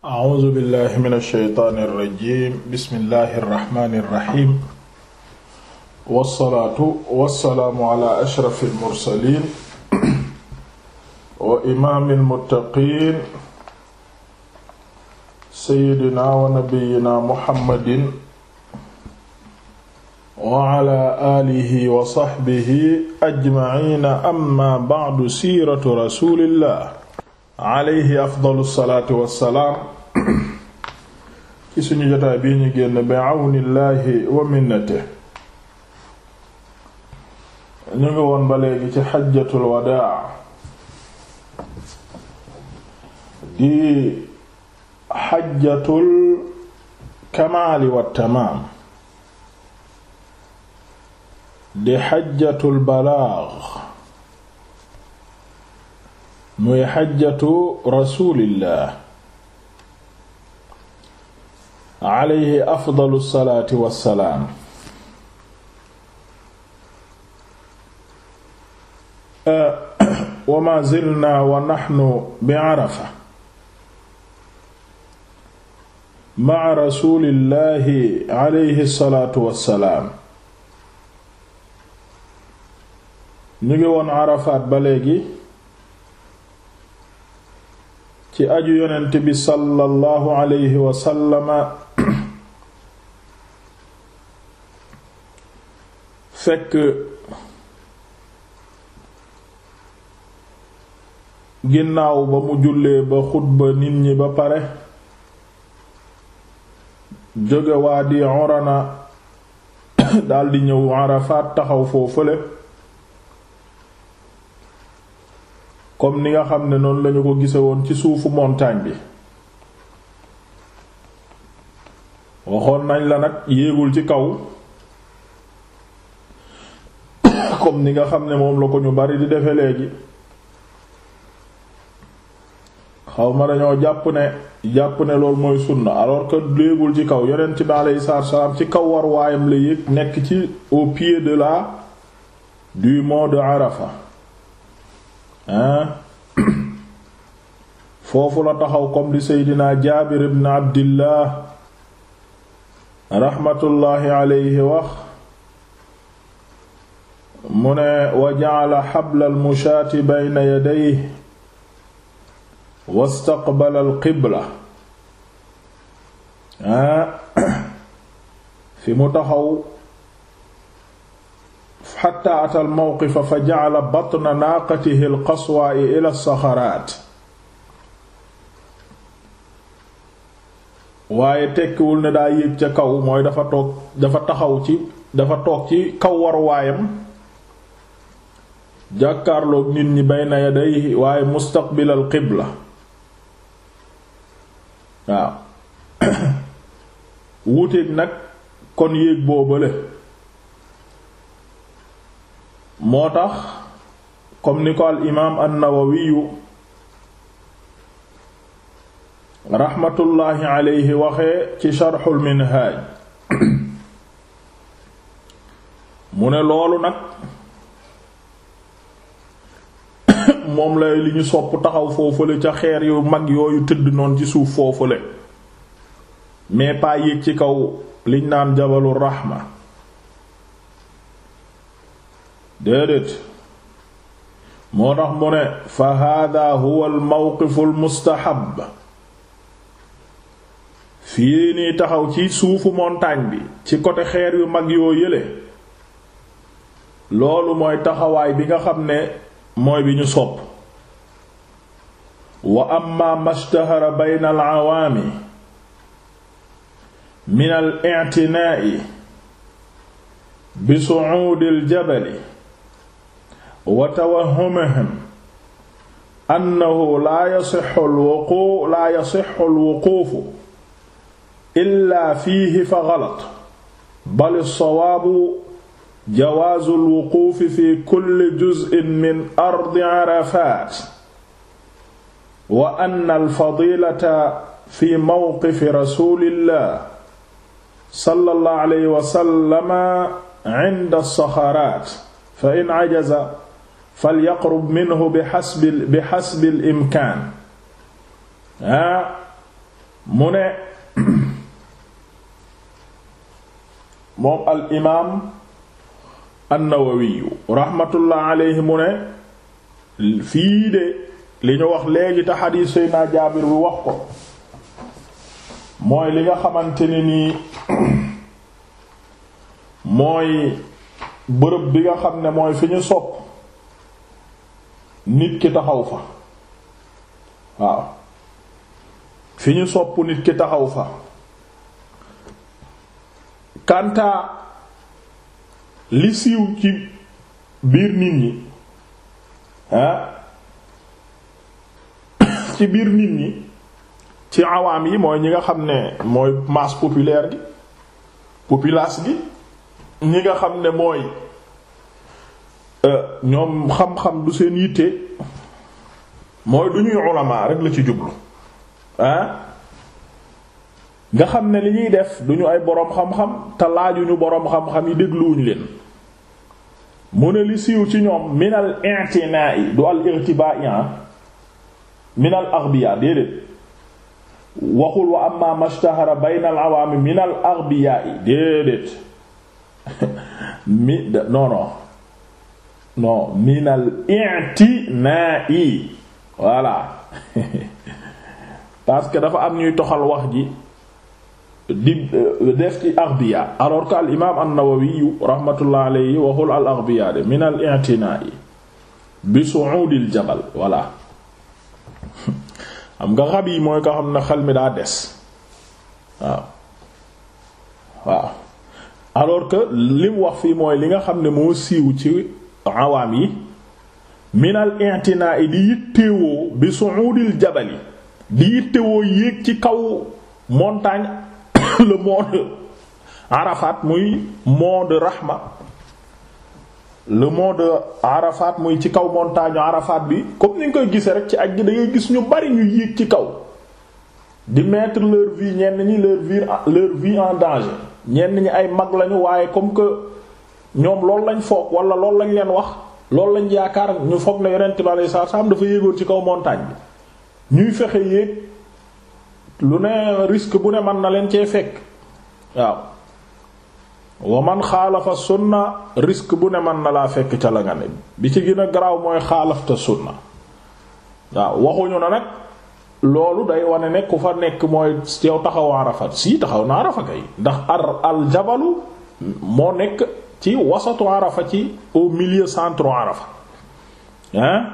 a'uuzu billahi mina shaytaani rajiim bismillahi rahmaani rahiim. wasalaatu wasalaamu ala ashrafil mursaliin. wa imaamil muttaqiin. sayyidinaa wa nabiyyinaa muhammadin. wa ala aalihi wa saxbihi ajmaciina amma ba'du siiratu rasuulillah. alayhi afdalu salaatu wassalaam ci suñu jotaay bii ñu génn bi àwnillaahi wa minnate ñu ngi woon ba léegi ci xajjatul wadaa di xajjatul kamaali wa tamaam di xajjatul balaag muy xajjatu rasulillah alayhi afdalu salaati wassalaam wa ma zilna wa naxnu bi arafa ma'a rasulillahi alayhi salaatu wassalaam ñu ngi woon arafaat ba léegi ci aju yonent bi sallallahu alayhi wa fekk ginnaaw ba mu jullee ba xutba nit ñi ba pare jóge waa di Urana daldi ñëw Arafat taxaw foofule comme ni nga xam ne noonu lañu ko gise woon ci suufu montagne bi waxoon nañ la nag yéegul ci kaw comme ni nga xam ne moom la ko ñu bari di defe léegi xaw ma dañoo jàpp ne jàpp ne loolu mooy sunna alors que léegul ci kaw yonent bi aleyhi salaatu salaam ci kaw war waayam la yéeg nekk ci au pied de la du mont de Arafa foofu la taxaw comme li seydina jaabir ibn abdillah raxmatullaahi alayhi wax mu ne wa jacala xabla almushaati bayna yadayhi wastaqbala alqibla fi mu taxaw xatta atal mawqifa fa ja'ala batna naaqatihi al-qaswaa ila saxaraat waaye tekkiwul ne daa yéeg ca kaw mooy dafa toog dafa taxaw ci dafa toog ci kaw war waayam jàkkaarloog nit ñi bayna day waaye mustaqbilal qibla waaw wuteeg nag kon yéeg boobale moo tax comme ni ko al imaam an-Nawawiyu raxmatullaahi alayhi waxee ci sharxul minhaaj mu ne loolu nag moom lay li ñu sopp taxaw foofule ca xeer yu mag yooyu tëdd noon ci suuf foofule mais pas ci kaw liñ naan jabalul raxma déedéet moo tax mu ne fa hada huwa al mawqifu fii nii taxaw ci suufu montagne bi ci côté xeer yu mag yoo yële loolu mooy taxawaay bi nga xam ne mooy bi ñu sopp wa amma mashtahara bayna al awaami min al i'tinaa'i bi su'uudil jabali wa tawahhumihim annahu laa yasixu alwuqu laa yasixu alwuquufu illaa fiihi fa galat bal alsawaabu jawaazu alwuquufi fi kulli juz'in min ardi arafaat wa anna alfadilata fi mawqifi rasulillah sallallahu alayhi wa sallam inda as-saxaraat fa in ajaza falyaqrub minhu bi xasbil bi xasbil imkaan ah mu ne moom al imaam annawawiyu mu ne fii de li ñu wax léegi te xadiis Seydina Jaabir bi wax ko mooy li nga xamante ne nii mooy bërëb bi nga xam ne mooy fi ñu sopp nit ki taxaw fa waaw fi ñu sopp nit ki taxaw fa kantaa li siiw ci biir nit ñi ah ci biir nit ñi ci awaam yi mooy ñi nga xam ne mooy masse populaire gi populace gi ñi nga xam ne mooy Euh, ñoom xam-xam du seen yitte mooy du ñuy ulama rek la ci jublu ah nga xam ne li ñuy def du ñu ay boroom xam-xam te laajuñu boroom xam-xam yi dégluwuñu leen mu ne li siiw ci ñoom minal i'tina'i du al irtiba'i ah. minal aghbiya déedéet waxul mashtahara baynal awaami minal aghbiya déedéet mi non non minal i'tinaa'i voilà parce que dafa am ñuy toxal wax ji di euh, def ci aghbiya alors que al imaam an-Nawawi rahmatullah alayhi waxul al aghbiya de minal i'tinaa'i bi su'uudil jabal voilà xam nga rab yi mooy ko xam ne xel mi daa des waaw waaw alors que li mu wax fii mooy li nga xam ne moo siiw ci awaam yi minal i'tinaa di yittewoo bi su'udil jabali di yittewoo yéeg ci kaw montagne le mont de muy mont de Rahma le mont de Arafat muy ci kaw montagne Arafat bi comme ni nga koy gisee rek ci aj gi da gis ñu bari ñu yéeg ci kaw di mettre leur vie ñenn ñi leur vie leur vie en danger ñenn ñi ay mag lañu waaye comme que ñoom loolu lañ foog wala loolu lañ leen wax loolu lañ yaakaar ñu foog ne yonent bi alayhi salaam dafa yéegoon ci kaw montagne bi ñuy fexe yéeg lu ne risque bu ne mën na leen cee fekk waaw wa man xaalafa sunna risque bu ne mën na laa fekk ca la nga ne bi ci gën a garaaw mooy xaalafta sunna waaw waxuñu na nag loolu day wane ne ku fa nekk mooy yow taxawaa Arafat si taxaw naa Arafa yi ndax ar al jabalu moo nekk ci wasatu arafa ci au milieu centre arafa hein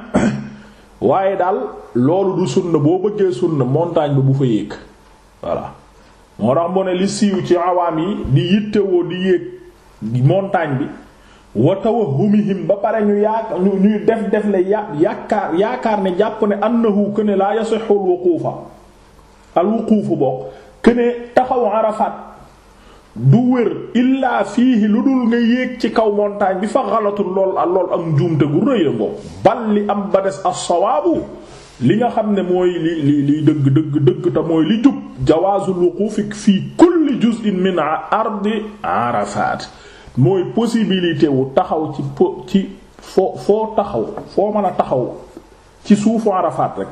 waaye daal loolu du na boo bëggee na montagne bi bu fa yéeg voilà moo tax mu ne li siiw ci awaam yi di yittewoo di yéeg montagne bi wa tawahhumihim ba pare ñu yaak ñuy def def le ya yaakaar yaakaar ne jàpp ne annahu këne laa yasihul wuquufa al wuquufu bokk këne taxaw arafaat du wér illaa fiihi lu dul nga yéeg ci kaw montagne bi fa xalatul lool a am njuumte gu rëy la boobu li am ba des as li nga xam ne mooy li li liy dëgg dëgg dëgg te mooy li jub jawaazul fi fii kulli juz'in min ardi Arafat mooy possibilité taxaw ci po ci foo foo taxaw foo man a taxaw ci suufu Arafat rek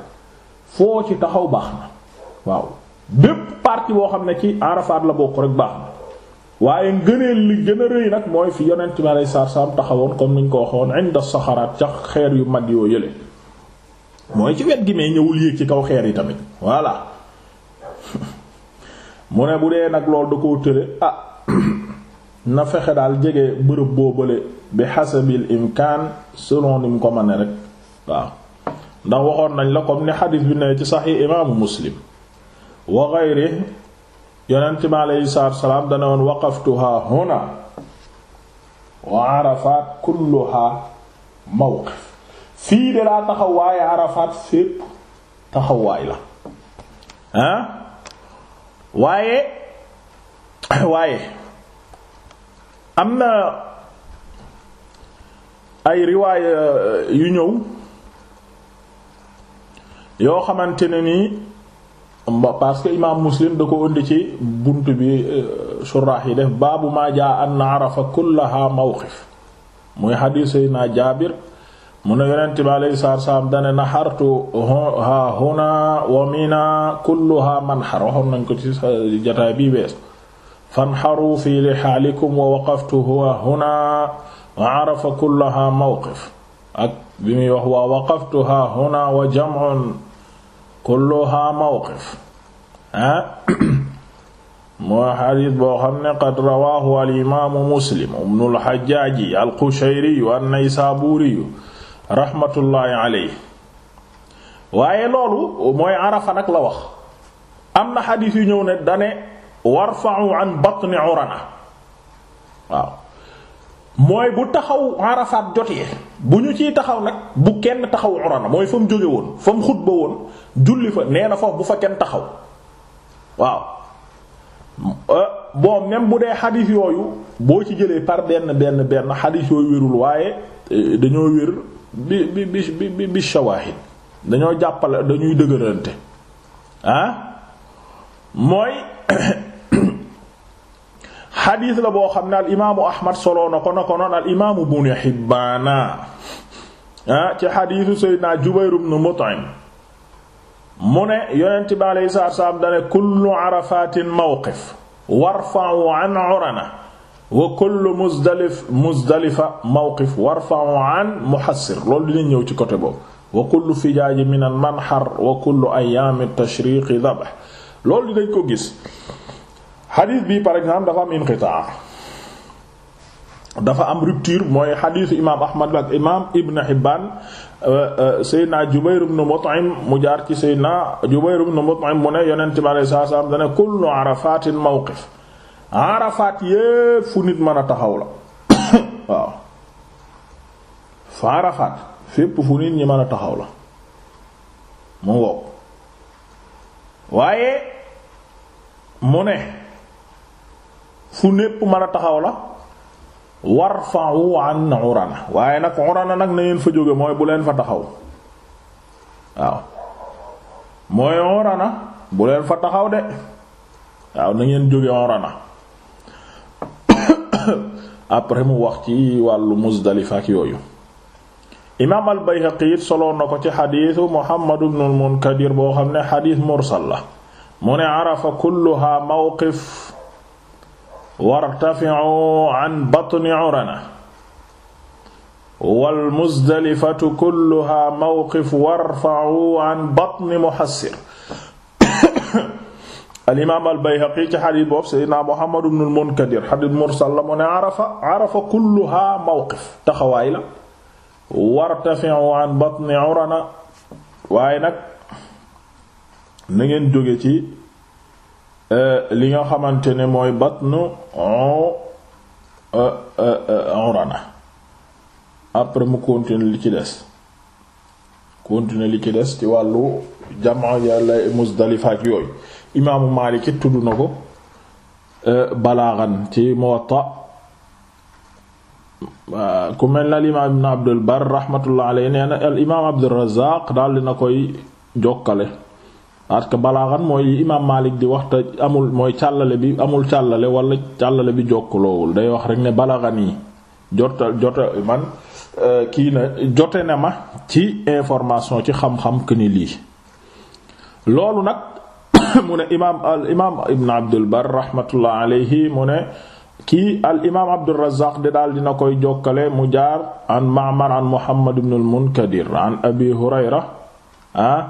foo ci taxaw baax na waaw dépp partie boo xam ne ci Arafat la bokk rek baax na waaye ngëneel li gën a rëy nag mooy fi yonent bi aleyhi salaatu salaam taxawoon comme niñ ko waxoon inda xeer yu mag yoo mooy ci wet gi mee ñëwul yéeg ci kaw xeer yi tamit voilà mu ne bu dee nag lool da koo tële ah na fexe daal jege bërëb boobale bi xasabil imkaan selon ni mu ko mane rek waaw ndax waxoon nañ la ko ni xadiis bi ne ci saxiix imaamu muslim wa yonent mi aleyhi salaatu wasalaam dana huna wa arafaat kulluhaa mawqif fii de laa taxawaay arafaat fépp taxawaay la ah waaye waaye am na ay riwaaya yu ñëw yoo xamante ne nii parce que imaam muslim da ko ënd ci bi euh, suraax yi def baabu ma jaa an arafa kullaha mawqif muy xadiis sayna mu ne yonent bi alayhi salaatu wassalaam dane huna wa mina kulluha manxar waxoon nañ ko ci jataay bi wees fanxaru fi lixaalikum wa waqaftu huwa huna wa arafa muy wax wa kulluha mawqif ah moo xadis boo xam ne qad rawaahu al muslim ibnul xajjaaji al qushayriyu raxmatullaahi alayhi waaye loolu mooy arafa nag la wax am na xadis yu ñëw ne dane warfa'u an batni urana waaw mooy bu taxaw arafaat jotee bu ñu ciy taxaw nag bu kenn taxaw urana mooy fa mu jóge woon fa mu xutba woon julli fa nee na bu fa kenn taxaw waaw euh, bon même bu dee xadiis yooyu boo ci jëlee par benn benn benn xadiis yooyu wérul waaye euh, dañoo wér bi bi bi bi bi shawaahid dañoo jàppale dañuy dëgërante ah mooy xadiis la boo xam ne al imaamu ahmad soloo na ko na ko noon al imaamu bunu xibbaana ci xadiisu seydina jubayru bnu mut'im mu ne yonent bi alayhi salaatu salaam dane kullu arafatin mawqif warfa'u an urana wa kullu muzdalif muzdalifa mawqif warfa'u an muhassir loolu dina ñëw ci côté boobu wa kullu fijaaji min al manhar wa kullu ayyaami tashriiqi dabh loolu dinañ ko gis xadis bi par exemple dafa am inqitaa dafa am rupture mooy xadisu imaam Ahmad ak imaam Ibn Hibban euh, euh, Seydina Jubayr ibn Mut'im mu jaar ci Seydina Jubayr ibn Mut'im mu ne yonent bi alayhi salaatu salaam dana kullu arafatin mawqif mën a taxaw la waaw fa arafaat fépp fu nit ñi mën a taxaw la mu ngoog waaye mu ne fu népp mën a taxaw la warfa'u an urana waaye nag urana nag na ngeen fa jóge mooy bu leen fa taxaw waaw mooy urana bu leen fa taxaw de waaw na ngeen jóge urana après mu wax ci wàllu Muzdalifa ak yooyu imaam al-Bayhaqi it soloon na ko ci xadiisu Muhammad ibn al-Munkadir boo xam ne xadiis mursal la mu ne arafa kulluha mawqif wartafi'u an batni urana wal muzdalifatu kulluha mawqif warfa'u an batni muhassir al imaam al bayhaqi ci xadiis boobu seydina muhammad ibn al munkadir xadiis mursal la mu ne arafa arafa kulluha mawqif taxawaay la wartafi'u an batni urana waaye nag na ngeen jóge ci Euh, li nga xamante ne mooy batnu e- e- e- urana après mu continuer li ci des continuer li ci des ci wàllu jamaa yàlla Muzdalifa ak yooyu imaamu Maalik it tudd na ko euh, balaaxan ci Muwatta euh, ku mel na al imaam Abdul Barr rahmatullah alayhi nee na al imaam Abdurrazaaq daal dina koy jokkale parce que balaaxan mooy imaam Maalik di wax amul mooy càllale bi amul càllale wala càllale bi jokkaloowul day wax rek ne balaaxan yi jota man euh, kii na jote na ma ci information ci xam-xam que ni lii loolu nag mu ne imaam al imaam Ibn Abdul Bar rahmatullah alayhi mu ne kii al imaam Abdur Razzaq di daal dina koy jokkale mu jaar an Ma'mar an Muhammad ibn al Munkadir an Abi Hurayra ah.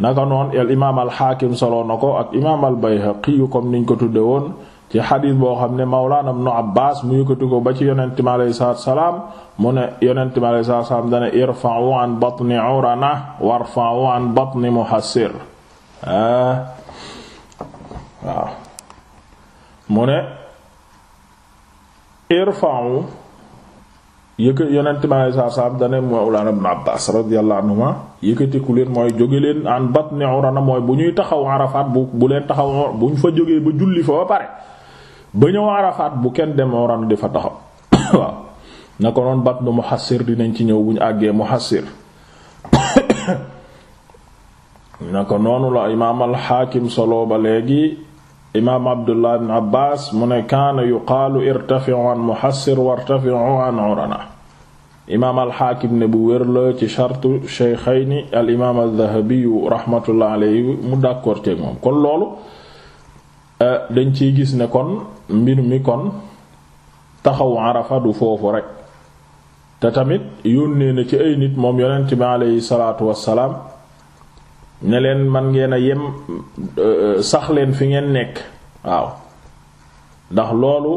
naka noon al imaam al xaakim ko ak imaam bayhaqi comme niñ ko tudde woon ci xadiis boo xam ne mawlaana ibnu abbaas mu yëkkati ko ba ci yonent mi alayhi salaam mu ne yonent mi alayhi salaatu mu ne salaam dana mawlaana ibnu abbaas radiyallahu anhuma yëkkatiku leen mooy jóge leen an batni urana mooy bu ñuy taxaw arafaat bu bu leen taxaw bu ñu fa jógee ba julli fa ba pare ba ñëw arafaat bu kenn dem urana di fa taxaw waaw na ko noon batnu muhassir dinañ ci ñëw bu ñu àggee muhassir na ko noonu la imaam alxaakim solo ba léegi imaam abdullah ibn abbas mu ne kaana yuqaalu irtafi'u an muhassir wartafi'u an urana imaam alxaakim ne bu wér la ci chartu sheykhayni al imaam aldahabiyu rahmatullah alayhi mu d'accord teeg moom kon loolu euh, dañ ci gis ne kon mbir mi kon taxaw arafa du foofu rek te tamit yónnee na ci ay nit moom yonent bi aleyhi salaatu wassalaam ne leen man ngeen a yem euh, sax fi ngeen nekk waaw ndax loolu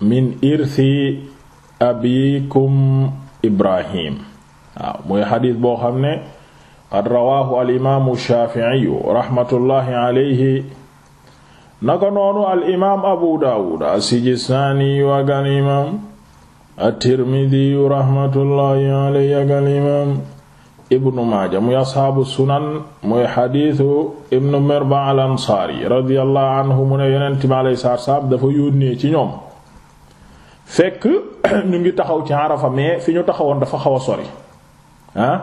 min irthi abikum ibrahim waaw muy xadis boo xam ne qad rawaahu al imaamu shaafi'iyu raxmatullaahi alayhi naka noonu al imaam abu daawud as-sijistaani yu ak al imaam at-tirmidiyu raxmatullaahi alayhi ak al imaam ibnu maaja muy asxaabu sunan muy xadiisu ibnu mirba al ansaari radiyallaahu anhu mu ne yonent bi alayhi salaatu wa salaam dafa yónnee ci ñoom fekk ñu ngi taxaw ci Arafa mais fi ñu taxawoon dafa xaw a sori ah.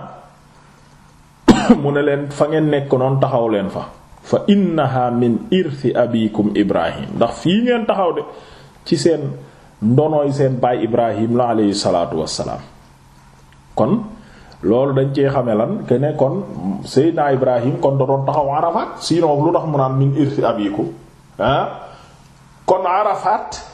mu ne leen fa ngeen nekk noonu taxaw leen fa fa innaha min irthi abikum ibrahim ndax fii ngeen taxaw de ci seen ndonooy seen baay ibrahim la aleyhi salaatu wassalaam kon loolu dañ cee xame lan ke ne kon seydina ibrahim kon da doon taxaw Arafat sinon lu tax mu naan min irthi abikum ah. kon Arafat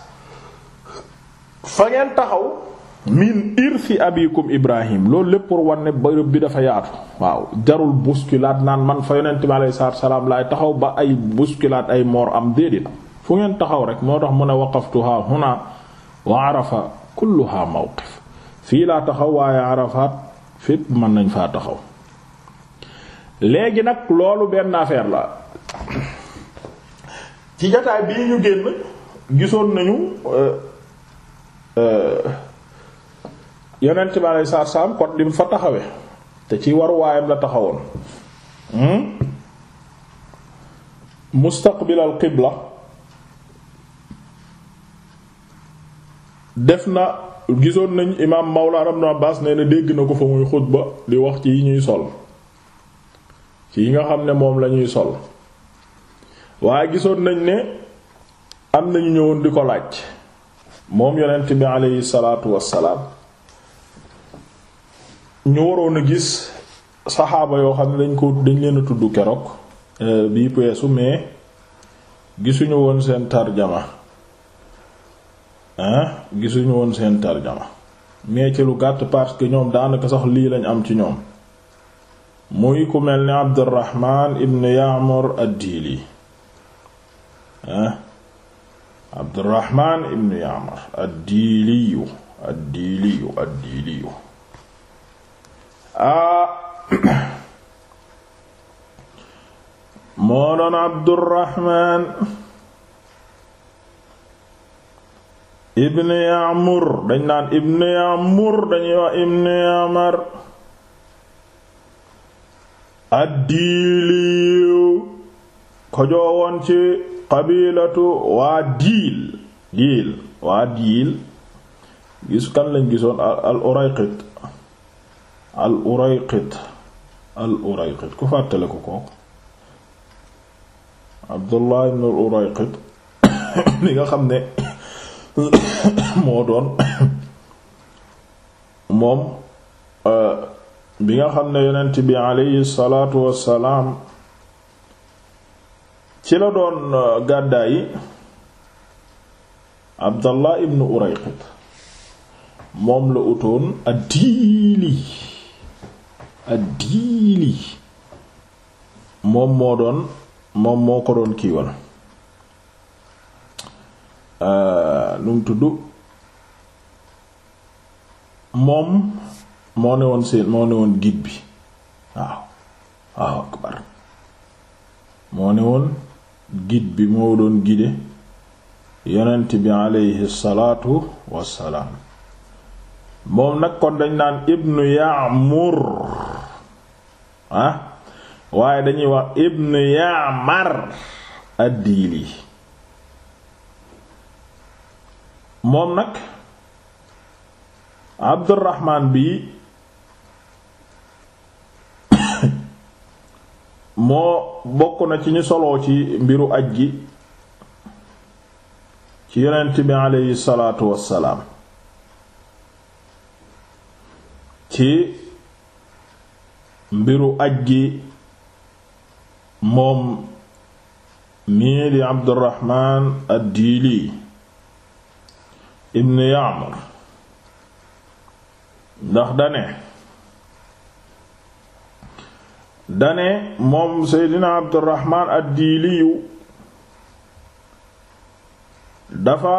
fa ngeen taxaw min irsi abikum ibrahim loolu lépp pour ne bërëb bi dafa yaatu waaw jarul bousculade naan man fa yonent bi alayhi salaatu salaam laay taxaw ba ay bousculade ay moor am déedéet fu ngeen taxaw rek moo tax mu ne waqaftuha huna wa arafa kulluha mawqif fii laa taxaw waaye arafaat fépp mën nañ faa taxaw léegi nag loolu benn affaire la ci jotaay bii ñu génn gisoon nañu euh, Euh, yonent bi aleyhi salaatu salaam kon fa taxawe te ci waruwaayam la taxawoon hmm? mustaqbilal qibla def na gisoon nañ imaam Mawlana Ibn Abbas nee na dégg na ko fa muy xutba di wax ci yi ñuy sol ci yi nga xam ne moom lañuy sol waaye gisoon nañ ne am nañu ñëwoon di ko laaj moom yonent bi aleyhi salaatu wassalaam ñu waroon a gis saxaaba yoo xam ne dañ ko dañ leen a tudd keroog euh, bii peesu mais gisuñu woon seen tarjama hein gisuñu woon seen tarjama mais ci lu gàtt parce que ñoom daanaka sax lii lañ am ci ñoom muy ku mel ni Abdurrahman ibn Ya'mur ad-Dili hein abdurahman ibnu yaamar addiiliyu addiiliyu addiiliyu a ah, moo doon abdurahman ibnu yaamur dañ naan ibnu yaamur dañuy wax ibnu yaamar addiiliyu ko joowoon ci qabilatu waa diil diil waa diil gis kan lañ gisoon al urayqit al urayqit al urayqit ku fàttale ko kooku abdullah urayqit li nga xam ne moo doon moom euh, bi nga xam ne yonent bi aleyhi salaatu wassalaam ci la doon euh, gàddaayi Abdallah ibn Urayqit moom la utoon addiili addiili moom moo doon moom moo ko doon kiiwal lu euh, tudd moom moo ne woon seen moo ne woon guide bi waaw waaw akbar moo ne woon git bi moo doon guider yonent bi aleyhi salaatu wassalaam moom nag kon dañ naan ibnu yaamur ah waaye dañuy wax ibnu yaamar addiili moom nag abdurahmaan bi moo bokk na ci ñu soloo ci mbiru aj gi ci yonent bi aleyhi salaatu wassalaam ci mbiru aj gi moom mii di abdurahmaan ad-diili ibn yaamar ndax dane dane moom seydina abdurahmaan addiiliyu dafa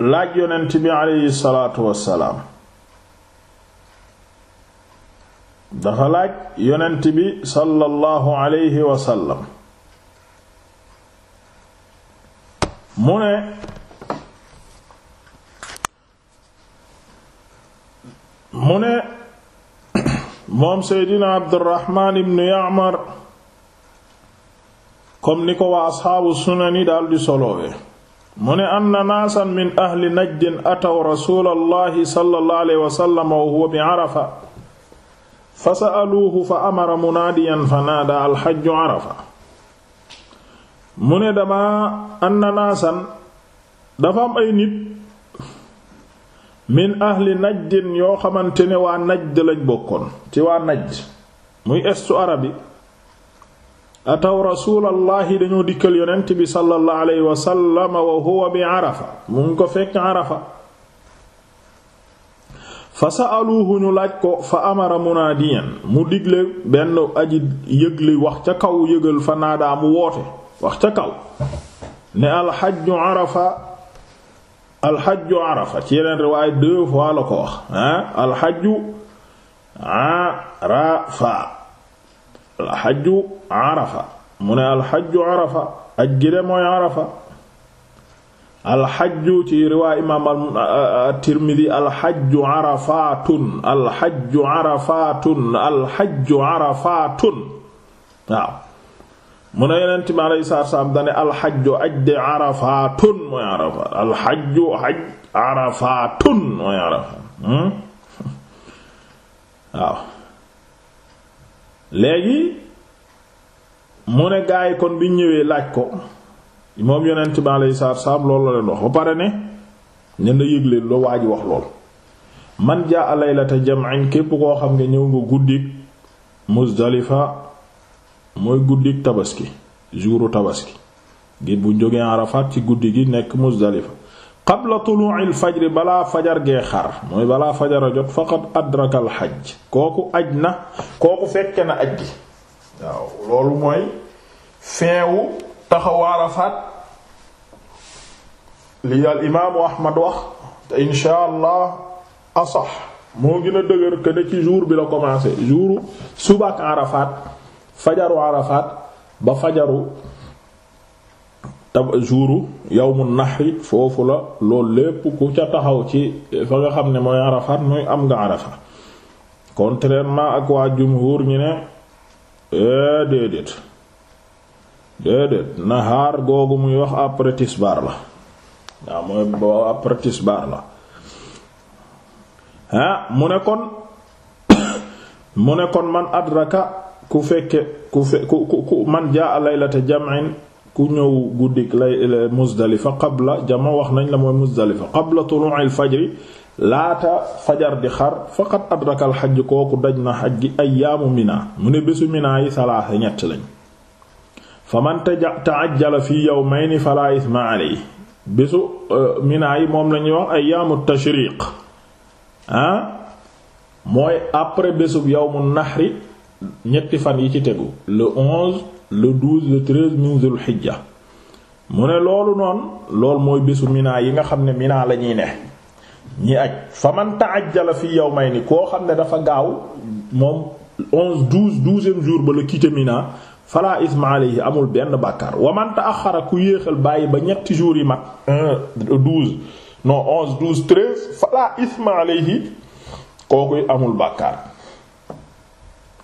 laaj yonent bi salaatu wassalaam dafa laaj yonent bi sallallahu aleyhi wasallam mu ne mu ne moom seydina abdurahmaan ibnu yaamar comme ni ko waa asxaabu sunani daldi solowee mu ne min ahli najdin ataw rasuulallahi wasallam wa huwa bi arafa fa sa'aluuhu fa amara munaadiyan fa naadaa alxajju arafa mu ne dama anna ay nit min ahli najdin yoo xamante ne waa najd lañ bokkoon ci waa najd muy estu arabi ataw rasulallaahi dañoo dikkal yonent bi sallallahu alayhi wa sallam wa huwa bi arafa mu ko fekk arafa fa sa'aluhu ñu laaj ko fa amara munaadiyan mu digle benn aji yëgli wax ca kaw yëgal fa naadaa mu woote wax ca kaw ne alxajju arafa alxajju arafa ci yeneen riwaay deux fois ko wax ah alxajju arafa alxajju arafa mu ne alxajju arafa aj gi de mooy arafa ci riwaay imaam at-Tirmidi euh, alxajju arafatun alxajju arafatun alxajju arafatun waaw mu ne yonent bi alayhi salaatu salaam dane alxajju aj gaay kon bi ñëwee laaj ko moom yeneen bi alayhi salaatu salaam loolu la leen wax ba pare ne ñen na yëg waa ji wax lool man jaa laylata jam'in képp koo xam nga ñëw nga guddik Muzdalifa mooy guddik tabaski jouru tabaski ngir bu jógee Arafat ci guddi gi nekk Muzdalifa qabla tuluu'il fajri balaa fajar gee xar mooy balaa fajar a jot faqad adraka al hajj kooku aj na kooku fekke na aj gi waaw loolu mooy feewu taxaw Arafat li al imaamu Ahmad wax te insha allah asax moo gën a dëgër que ne ci jour bi la commencé jouru subaak Arafat fajaru Arafat ba fajaru tab jouru yawmu nahri foofu la loolu lépp ku ca taxaw ci fa nga xam ne mooy Arafat mooy am nga Arafat contrairement ak waa jumhur ñi ne eh, déedéet déedéet nahaar googu muy wax après tisbaar la waaw mooy boo après tisbaar la ah mu ne kon mu ne kon man adraka ku fekke ku fe ku man jaa laylata jam'in ku ñëw guddik lay Muzdalifa qabla jama wax nañ la mooy Muzdalifa qabla tulu'il fajri laata fajar di xar faqad adraka al xaj kooku daj na xaj gi ayaamu Mina mu ne bésu Mina yi salaasa ñett lañ fa man ta'ajjala fi yawmayni fala isma alayhi bésu euh, Mina yi moom lañuy wax ayaamu tashriq ah mooy après bésub yawmu nahri ñetti fan yi ci tegu le onze le le treize min zul xijja mu ne loolu noonu loolu mooy bésu Mina yi nga xam ne Mina la ñuy ne ñi aj fa man ta'ajjala fi yawmayni koo xam ne dafa gaaw moom onze douze douzième jour ba la quitté Mina fala isma alayhi amul benn bàkkaar wa a ta'axxara ku yéexal bàyyi ba ñetti jours yi mag un douze onze douze treize fala isma alayhi kooku amul bàkkaar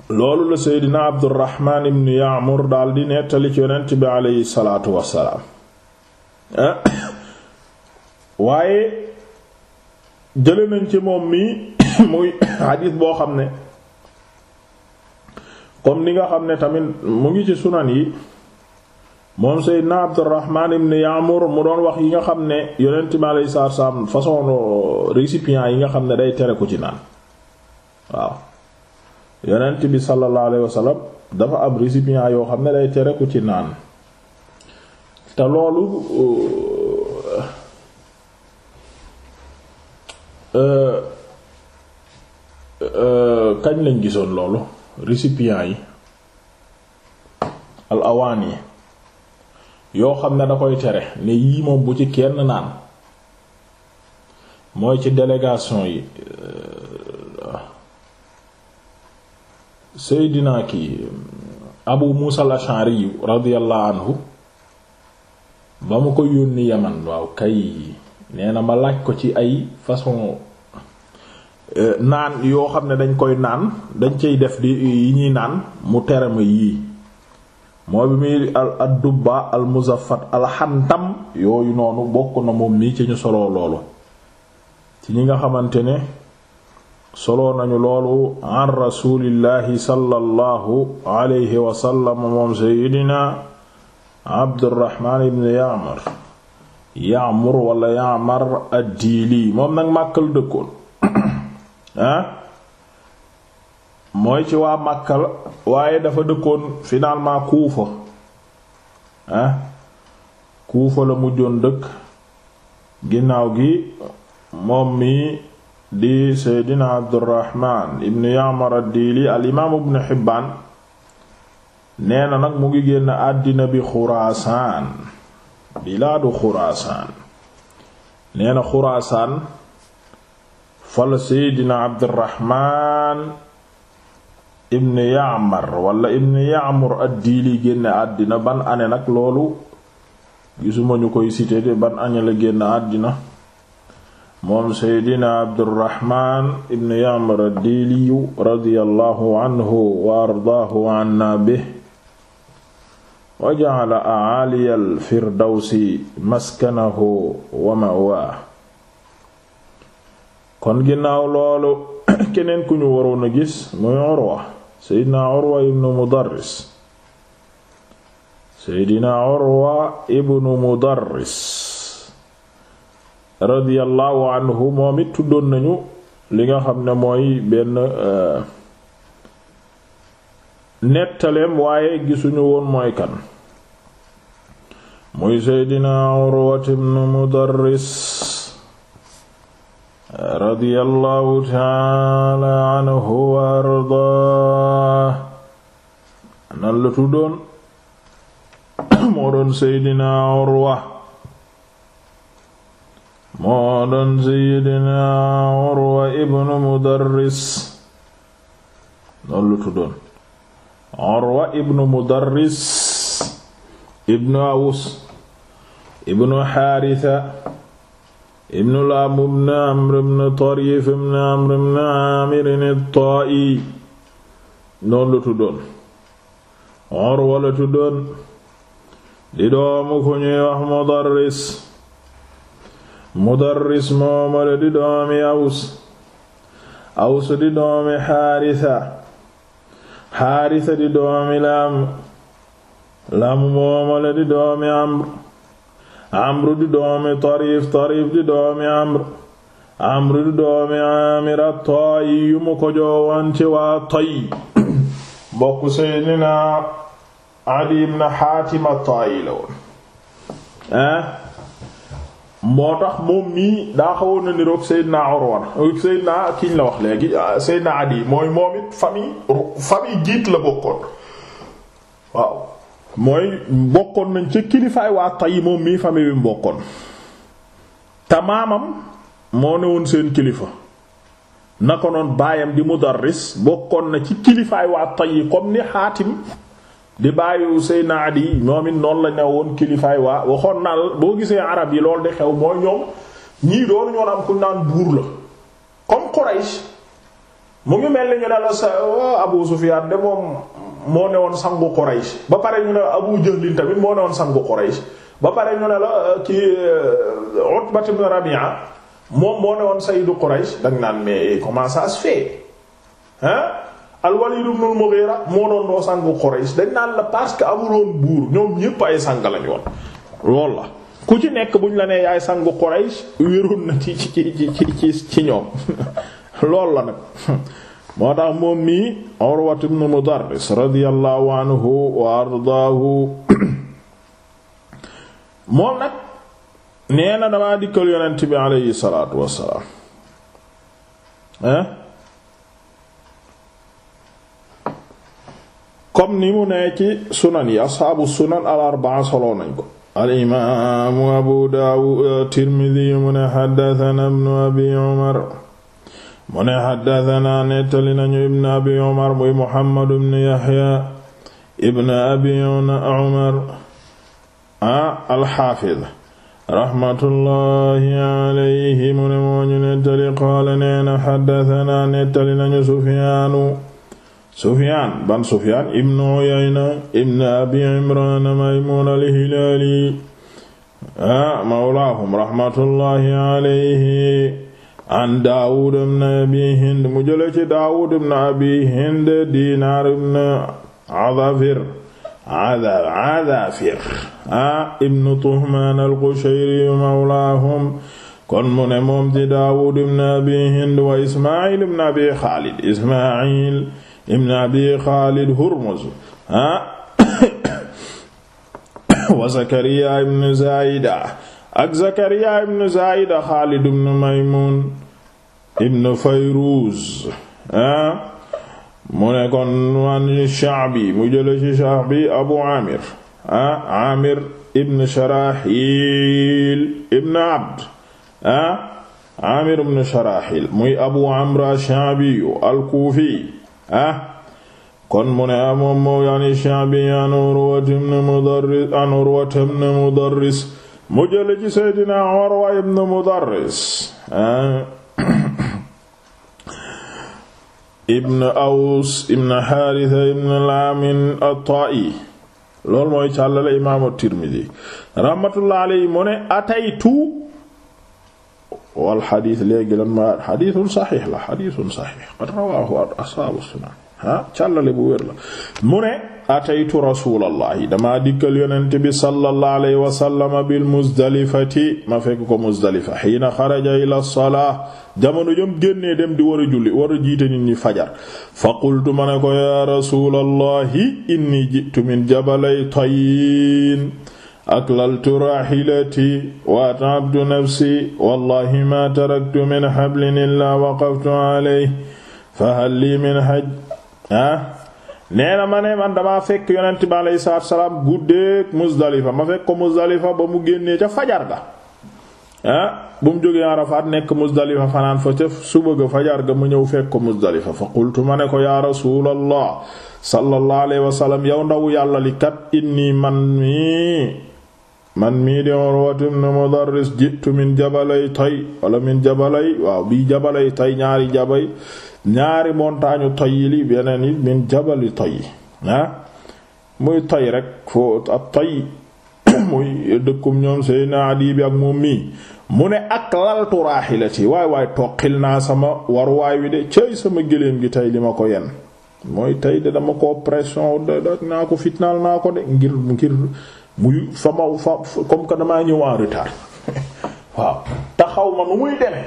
loolu la seydina abdurahmaan ibn yaamur daal di nettali ci yonent bi aleyhi salaatu wassalaam waaye jële nañ ci moom mi muy xadiis boo xam ne comme ni nga xam ne tamit mu ngi ci sunan yi moom seydina abdurahmaan ibn yaamur mu doon wax yi nga xam ne yonent bi aleyhi salaatu wassalaam façon récipient yi nga xam ne day tere ko ci naan waaw yonent bi sallallahu alayhi wa dafa am récipient yoo xam ne day tere ku ci naan te loolu euh, euh, euh, kañ lañ gisoon loolu récipient yi al awaan yi yoo xam ne da koy tere ne yii moom bu ci kenn naan mooy ci délégation yi Seydina ki Abu Musa al-Ash'ari ba mu ko yónni Yaman waaw kay nee ma laaj ko ci ay façon eh, naan yoo xam ne dañ koy naan dañ cay def di yi ñuy naan mu tere ma yii mooy bi muy al dubba al muzaffat al yooyu noonu bokk na moom nii ci ñu solo loolu ci ñi nga xamante ne solo nañu loolu an rasulillahi sallallahu alayhi wa sallam moom seydina abdurrahman ibn yaamar yaamur wala yaamar addiili moom nag màkkal dëkkoon ah? mooy ci waa màkkal waaye dafa dëkkoon finalement kuufa ah? kuufa la mujjoon dëkk ginnaaw gi moom mi di seydina abdurrahman ibnu yaamar ad-diili al xibbaan nee nag mu ngi génn àddina bi xuraasaan bilaadu xuraasaan nee na xuraasaan fal seydina abdurrahman ibnu yaamar wala ibnu yaamur ad-diili àddina ban ane nag loolu gisuma ñu koy cité ban ane la génn àddina moom seydina abdurrahman ibn ya'mar ad-diiliyu radiyallahu anhu wa ardaahu wa anna bihi wa ja'ala a'aaliya al-firdawsi maskanahu wa ma'waahu kon ginnaaw loolu keneen ku ñu waroon a gis muy Urwa Seydina Urwa ibn Mudarris Seydina Urwa ibn Mudarris radiyallahu anhu moom it tuddoon nañu li nga xam ne mooy benn euh, nettaleem waaye gisuñu woon mooy kan muy seydina Urwa ibn Mudarris radiyallahu taala anhu wa ardaa nan la tuddoon moo doon seydina Urwa moo doon Seydina Urwa ibnu Mudarris noonu lu tuddoon Urwa ibnu Mudarris ibnu Awus ibnu Haarisa ibnu Laam ibnu Amr ibnu Tariif ibnu Amr ibnu Aamir at-Taa'i noonu lu tuddoon Urwa la tuddoon di doomu ku ñuy wax Mudarris mudarris moomale di doomi aws aws di doomi xaarisa xaarisa di doomi laam laam di doomi amr tarif tarif di doomi amr di doomi amir at mu ko joowoon ci waa Tayy Seydina Adi ibn Xaatim at-Taayi la moo tax moom mii daa xawoon na niroog Seydina Urwa euh, Seydina kiñ la wax léegi euh, Seydina yi mooy moom it famille famille jiit la bokkoon waaw mooy bokkoon nañ ci kilifaay waa tay moom mii famille bi mu bokkoon te maamam moo ne woon seen kilifa na ko noon baayam di mudarris bokkoon na ci kilifaay waa tay comme ni Xaatim di bàyyiwu Seydina Adi ñoom it noonu la ne woon kilifaay waa waxoon naa la boo gisee arab yi loolu di xew mooy ñoom ñii ñoo am ku naan buur la comme Quraysh mu ngi mel ni ñu ne la sa oh, Abu Sufyaan de moom moo newoon sangu Quraysh ba pare ñu ne la Abu Jahl tamit moo newoon sangu Quraysh ba pare ñu ne la ci uh, uh, Utba ibn Rabi'a moom moo newoon sayyidu Quraysh danga naan mais comment ça se fait hein al-Walid ibn al-Mughira moo doon doo sangu Quraysh dañ naan la parce que amuloon buur ñoom ñépp ay sang lañu woon la ku ci nekk buñ la nee yaay sangu Quraysh wéroon na ci ci ci ñoom loolu la nag moo tax moom mii Urwat ibn Mudarris radiyallahu anhu wa ardaahu moom nag nee na damaa dikkal yonent bi alayhi salaatu wassalaam eh? comme ni mu nee ci sunan yi asxaabu sunan al arbaa soloo nañ ko al imaamu abu daawud euh, tirmidi mu ne xaddatana ibnu abi umar mu ne xaddatana nettali nañu ibnu abi umar muy muhammadu ibnu yaxya ibnu abi umar a ah, alxaafid raxmatullahi alayhi mu ne moo ñu nettali qaala neena xaddatana nettali nañu sufiyaanu Sufyaan ban Sufyaan ibn Uyayna ibn Abi Imraan Maymuun al-Hilaali ah, mawlaahum rahmatullahi alayhi an Daawuud ibn Abi Hind mu jële ci Daawuud ibn Abi Hind Diinaar ibn Adafir Adafir ah ibn Tuhmaan al-Qushayri mawlaahum kon mu ne moom di Daawuud ibn Abi Hind wa Ismaayil ibn Abi Xaalid Ismaayil ibn abi xaalid hurmuz ah wa zakariya ibn zaida ak zakariya ibn zaida xaalid ibn maymun ibn fayruz ah mu ne kon man sha'bi mu jële ci sha'bi abu amir ah amir ibn sharahil ibn abd ah amir ibn sharahil muy abu amr ash-sha'bi al-kufi ah kon mu ne mo ah, moom moo yaani Sha'bi an Urwata ibn Mudarris an Urwata ibn Mudarris mu jële ci Seydina Urwa ibn Mudarris ah? ibn Aws ibn Haritha ibn Lamin at-Ta'i loolu mooy càllale imaamu Tirmidhi rahmatullah alayhi mu ataytu wal xadiis léegi lan ma xadiisun saxiix la xadiisun saxiix qad rawaahu ashaabu sunan ah càllale bu wér la mu ne ataytu rasulallahi damaa dikkal yonente bi sallallahu alayhi wa sallama bil ma fekk ko muzdalifa xiina xaraja ila salaa jamono dem di war a julli war a jiite nit fajar fa qultu ma ne ko yaa rasulallahi inni jitu min jabalay tayin aklaltu rahilati wa at'abtu nafsi wallahi ma taraktu min hablin illaa waqaftu alayhi fa hal lii min haj ah ma ne man damaa fekk yonent bi aleyhi salaatu salaam Muzdalifa ma fekk ko Muzdalifa ba mu génnee ca fajar ga bu mu jógee Arafaat nekk Muzdalifa fanaan fa ca suba ga fajar ga mu ñëw fekk ko Muzdalifa fa qultu ma ne ko yaa rasuulallah sallallahu ndaw yàlla li kat inni man mi man mii di Urwatu ibn Mudarris jiitu min jabalay Tay wala min jabalay waaw bii jabalay Tay ñaari jabay ñaari montagne Tay li beneen yi min jabali Tay ah muy Tay rek foo ab Tay muy dëkkum ñoom Seydina Adi bi ak moom mii mu ne ak laltu raahilati waay waay toqil naa sama waruwaay wi de cëy sama gëléem gi tey li ma ko yenn mooy tey de dama ko pression de naa ko fitnaal naa ko de ngir ngir muy fa ma fa comme que damaa ñëw en waaw taxaw ma nu muy demee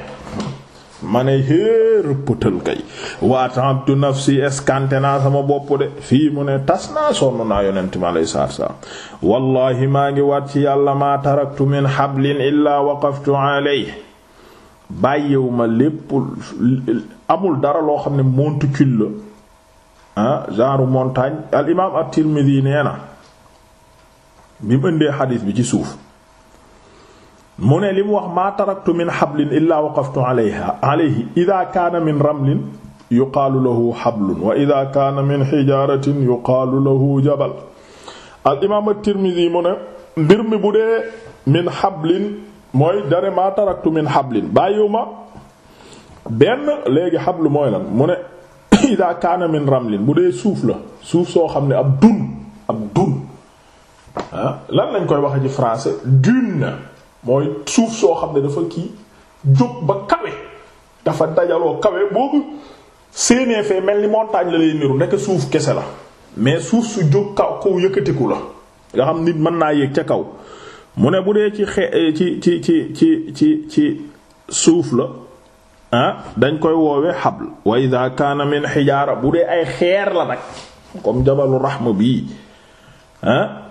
ma ne hee rëppatal kay waatamtu nafsi eskante naa sama bopp de fii mu ne tas naa naa yonent mi alay saar saam wallahi maa ngi waat ci yàlla maa taraktu min hablin illaa waqaftu alay bàyyiwuma lépp amul dara loo xam ne monticule la ah, genre montagne al imaam at-Tirmidhi nee na bi mu ëndee xadiis bi ci suuf mu ne li mu wax maa taraktu min xablin illaa waqaftu alayha alayhi ida kaana min ramlin yuqaalu lahu xablun wa ida kaana min xijaaratin yuqaalu lahu jabal al imaam at-Tirmidhi mu ne mbir mi bu dee min xablin mooy dare maa taraktu min xablin bàyyiwuma benn léegi xablu mooy lan mu ne ida kaana min ramlin bu dee suuf la suuf soo xam ne ab dun ab dun Ah, lan lañ koy waxee ci français dune mooy suuf soo xam ne dafa kii jóg ba kawe dafa dajaloo kawe boobu séenee fee mel ni montagne la lay niru ndekk suuf kese la mais suuf su jóg kaw kaw yëkkatiku la nga xam nit mën naa yéeg ca kaw mu ne bu dee ci xe eh, ci ci ci ci ci ci suuf la ah dañ koy woowe xabl wa ida kaana min xijaara bu dee ay xeer la nag comme jabalu raxma bii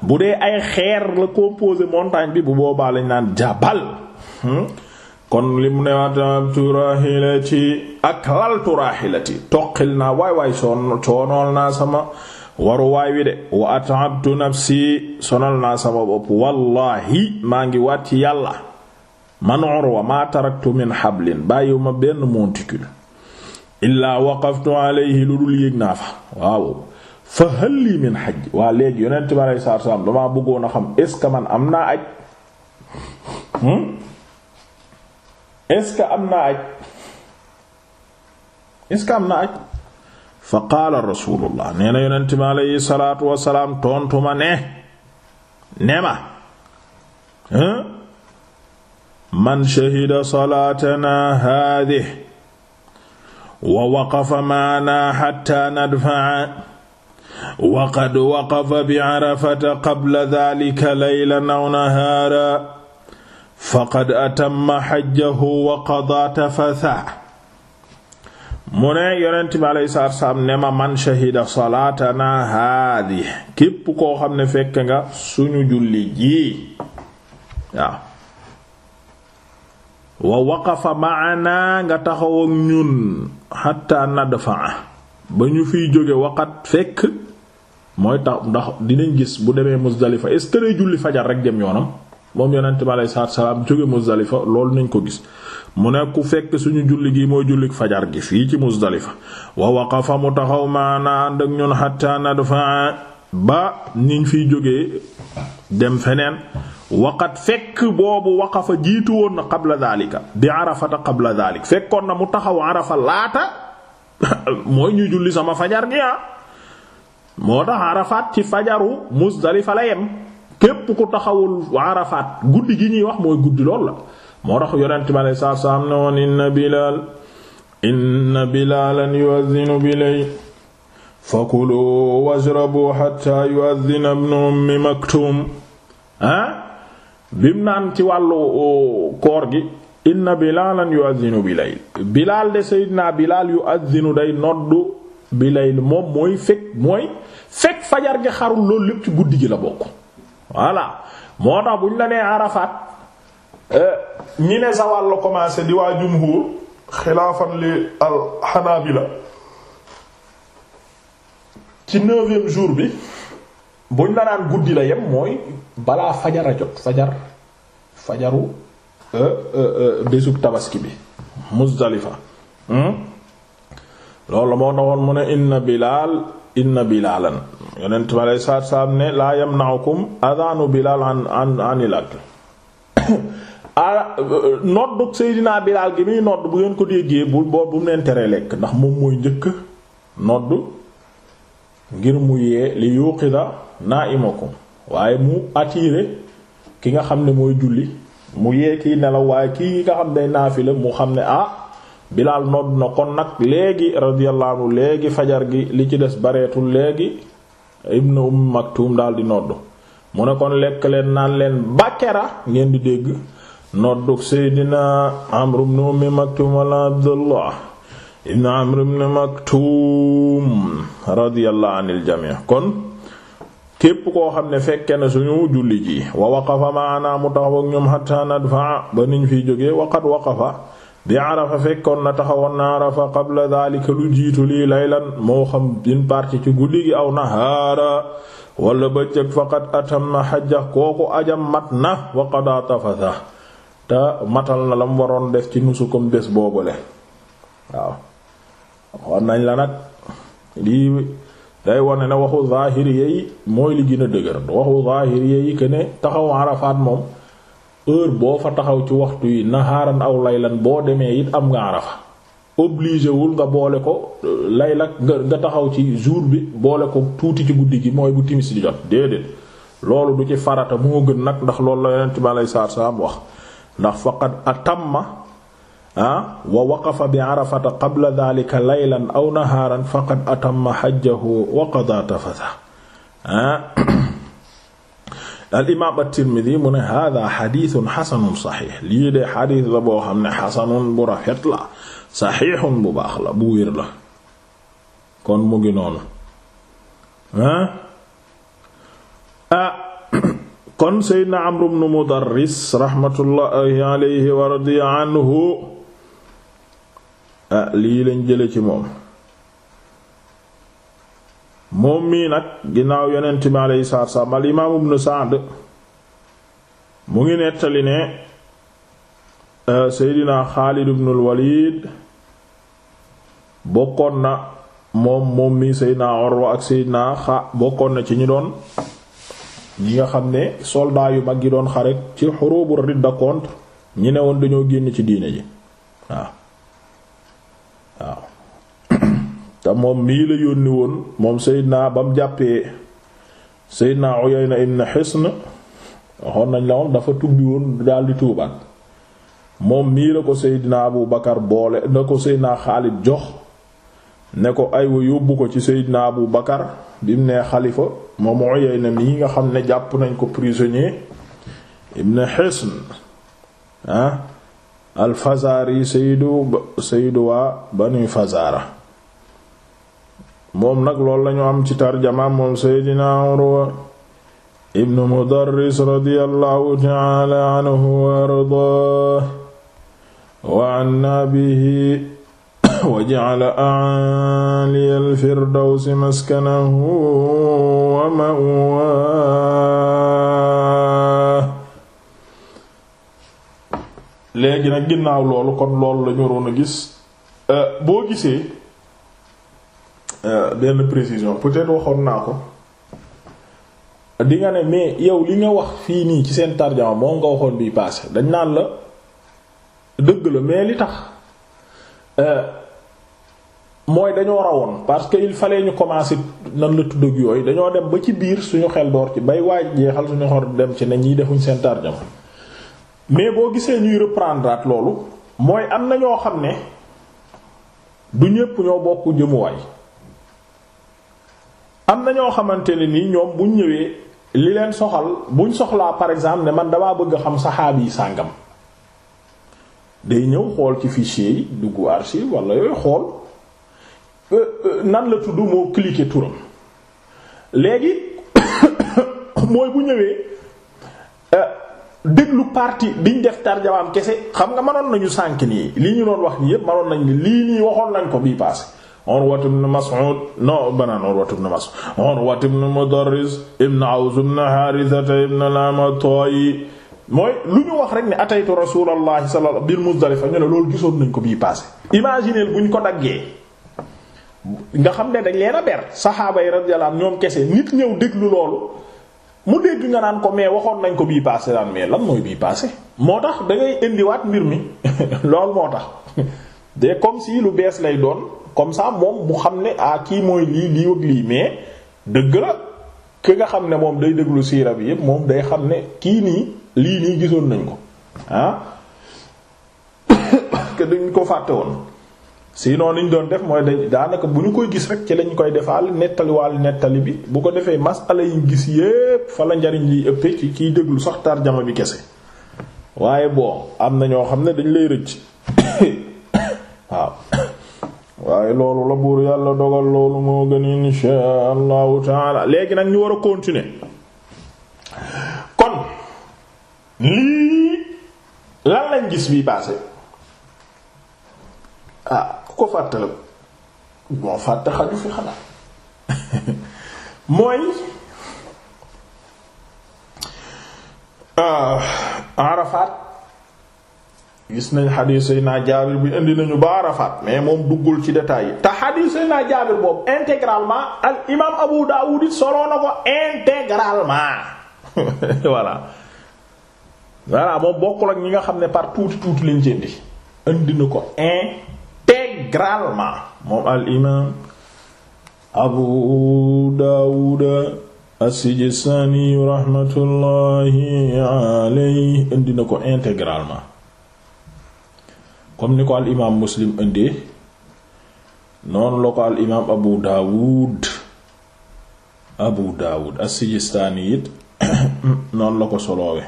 bu dee ay xeer la composé montagne bi bu boobaa lañ naan jabal hmm? kon ne mu newatamtu rahilati ak laltu rahilati toqil na waay waay soon soonool sama waru waay wi de wa at'abtu nafsi sonal naa sama bopp wallahi maa ngi waat ci yàlla man urwa maa taraktu min hablin bàyyiwuma benn monticule illaa waqaftu alayhi lu dul yéeg naa fa waaw fa hal lii min xaj waa léegi yonent bi aleyhi salaatu salaam damaa bëggoon a xam est ce que man am naa aj hmm? est ce que am naa aj est ce que am naa aj fa qaala rasulullah nee na yonent bi aleyhi salaatu wasalaam tontu ma ne ne ma hmm? man shahida salaatana haadihi wa waqafa maana hatta nadfa'a waqad waqafa bi arafata qabla dhalika laylan aw nahaara faqad atamma xajjahu wa qadaa mu ne yonent bi alayhi salaatu haadi képp koo xam ne fekk nga suñu julli ji waaw wa waqafa ma'ana nga taxaw ak ñun xatta nadfa ba ñu fiy jóge waqat fekk mooy tax ndax dinañ gis bu demee Muzdalifa est-ce que day julli fajar rek dem yoonam moom yonent bi alayhi salaatu salaam jóge Muzdalifa loolu nañ ko gis mu ne ku fekk suñu julli gi mooy julli fajar gi fii ci Muzdalifa wa waqafa mu taxaw maana ànd ak ñun hatta nadfa ba niñ feneen waqat fekk boobu waqafa jiitu woon na xabla daalika bi arafata qabla daalik fekkoon na mu taxaw arafa laata mooy ñu julli sama fajar gi ah moo tax Arafat ci fajaru Muzdalifa la yem képp ku taxawul Arafat guddi gi ñuy wax mooy guddi lool la moo tax yonent ma ne saa saa am na woon inna Bilaal inna Bilaalan yu'adhdhinu bilay fakulu washrabu hatta ummi Maktum ah bim naan ci wàllu koor gi inna Bilaalan yu'adhdhinu bilay Bilaal de Seydina Bilaal yu'adhdhinu day noddu bi lay moom mooy fekk mooy fekk fajar gi xarul loolu lépp ci guddi gi la bokk voilà moo tax bu ñu la nee Arafat euh, ñi ne zawal la commencé di waa jumhur xilaafan li al Hanabila ci neuvième jour bi buñ la naan guddi la yem mooy balaa fajar a jot fajar fajaru euh, euh, bésub tabaski bi Muzdalifa hmm? loolu moo na woon mu ne inna bilaal inna bilaalan yonent ma lay saat saam ne laa yamna'ukum adhaanu bilaal an an anil akl ah, nodduk Seydina Bilaal gi muy nodd bu ngeen ko déggee bu boobu mu leen teree lekk ndax moom mooy njëkk nodd ngir mu yee li yuqida na'imakum waaye mu attiré ki nga xam ne mooy julli mu yee kiy nelaw waaye kii nga xam ne naafi la mu xam ne ah Bilaal nodd na kon nag léegi radiyallahu anhu léegi fajar gi li ci des bareetul léegi Ibn Umm Maktum daal di nodd mu ne kon lekk leen naan leen bakera ngeen di dégg nodduk Seydina Amr ibn Umm Maktum wala Abdullah ibn Amr ibn Maktum radiyallahu anil jami' kon képp koo xam ne fekke na suñu julli yi wa waqafa maana mu taxaw ak ñoom hatta nadfa ba niñ fiy jógee waqat waqafa bi arafa fekkoon na taxawoon na arafa qabla daalika lu jiitu lii laylan moo xam une partie ci guddi gi aw nahaara wala bëccëg faqad atamma xajja kooku ajam mat na wa qada te matal na lam waroon def ci nusukum bés boobule waaw waxoon nañ la nag lii day wane ne waxu zaahiri yi mooy li gën a dëgër waxu zaahiri yi que ne taxaw arafaat moom heure boo fa taxaw ci waxtu yi naxaaran aw laylan boo demee it am nga arafa obligé nga boole ko euh, laylak nga taxaw ci jour bi boole ko tuuti ci guddi gi mooy bu timis di jot déedéet loolu du ci farata moo gën nag ndax loolu la yonent bi aleyhi salaatu salaam wax ndax faqad atamma ah wa waqafa bi arafata aw naharan faqad atamma hajjahu wa qada al imaam at-Tirmidhi mu saxiix lii de xadiis la boo xam ne xasanun bu rafet la saxiixun bu baax la bu wér la kon mu ngi noonu ah kon Seydina Amr ibn Mudarris raxmatullaahi alayhi wa radiya ah, lii lañ jële ci moom moom mii nag ginnaaw yonent bi aleyhi salaatu salaam al imaam ibnu Sa'd mu ngi nettali ne euh, seydina Xaalid ibnul Waliid bokkoon na moom moom mii seydina Urwa ak seydina xa bokkoon na ci ñi doon ñi nga xam ne soldat yu mag yi doon xare ci xurubu ridda contre ñi dañoo génn ci diine ji waaw te moom mii la yónni woon moom Seydina ba mu jàppee Seydina Uyayna ibn Hisn waxoon nañ la moom dafa tubbi woon daldi tuubaat moom mii la ko Seydina Abu Bakar boole na ko Seydina Xaalid jox ne ko aywa yóbbu ko ci Seydina Abu Bakar bi mu nee xalifa moom Uyayna mii nga xam ne jàpp nañ ko prisonnier ibn Hisn ah al Fazaari ba Sayyidu waa Banu Fazara moom nag loolu lañu am ci tarjama moom seydina urwa ibnu mudarris radiyallahu ta'ala anhu wa ardaah wa anna wa ja'ala a'ali al-firdawsi wa ma'waah nag ginnaaw loolu Euh, benn précision peut-être waxoon naa ko di nga ne mais yow li nga wax fii nii ci seen tarjama moo nga waxoon bii passé dañ naan la dëgg la mais li tax euh, mooy dañoo rawoon parce que il fallait ñu commencer nan la tudd ak yooyu dañoo dem ba ci biir suñu xel door ci bay waaj jeexal suñu xor dem ci ne ñiy defuñu seen tarjama mais boo gisee ñuy reprendre loolu mooy am na ñoo xam ne du ñépp ñoo bokk jëmuwaay. am na ñoo xamante ne nii ñoom buñ ñëwee li leen soxal buñ soxlaa par exemple ne man damaa bëgg xam saxaabi yi sàngam day ñëw xool ci fichier yi dugg archive wala yooyu xool euh, euh, nan la tudd moo cliquer turam léegi mooy bu ñëwee euh, déglu partie biñ def tarjamaam kese xam nga mënoon nañu sànk nii li ñu doon wax nii yépp mënoon nañ lii nii waxoon nañ ko bii passé Urwat ibn Mas'ud no banaan Urwat ibn Mas'ud Urwat ibn Mudarris ibn Aws ibn Haritha ibn al-Amatai mooy lu ñu wax rek ne ataytu Rasulullahi sallallahu bil Muzdalifa ñu ne loolu gisoon nañ ko bii passé imaginer bu ñu ko daggee nga xam ne dañ leen a ber saxaaba yi radiyallahu ñoom kese nit ñëw déglu loolu mu dégg nga naan ko mais waxoon nañ ko bii passé daan mais lan mooy bii passé moo tax da ngay indiwaat mbir mi loolu moo tax de comme si lu bees lay doon comme ça moom mu xam ne ah kii mooy lii lii ak lii mais dëgg la ki nga xam ne moom day déglu siira bi yépp moom day xam ne kii nii lii nii gisoon nañ ko ah que dañ ko fàtte woon sinon niñ doon def mooy dañ daanaka bu ñu koy gis rek ci lañ koy defaal nettaliwaal nettali bi bu ko defee masala yi gis yépp fa la njariñ liy ëppee ci kiy déglu sax tarjama bi kese waaye bon am na ñoo xam ne dañ lay rëcc waaw waaye loolu la buur yàlla dogal loolu moo gën insha allahu taala léegi nag ñu war a continuer kon lii lan lañ gis bi passé ah ku ko fàttale bon fàtte xaju fi xanaa mooy ah, Arafat gis nañ xadiis Seydina Jaabir bi indi nañu ba Arafat mais moom duggul ci détails yi te xadiis Seydina Jaabir boobu intégralement al imaam Abu Daawud it soloo ko intégralement voilà voilà moom bokkul ak ñi nga xam ne par tuuti tuuti lañ ci indi indi na ko intégralement comme ni ko al imaam muslim indee noonu la ko al imaam abu daawud abu daawud as it noonu la ko soloowe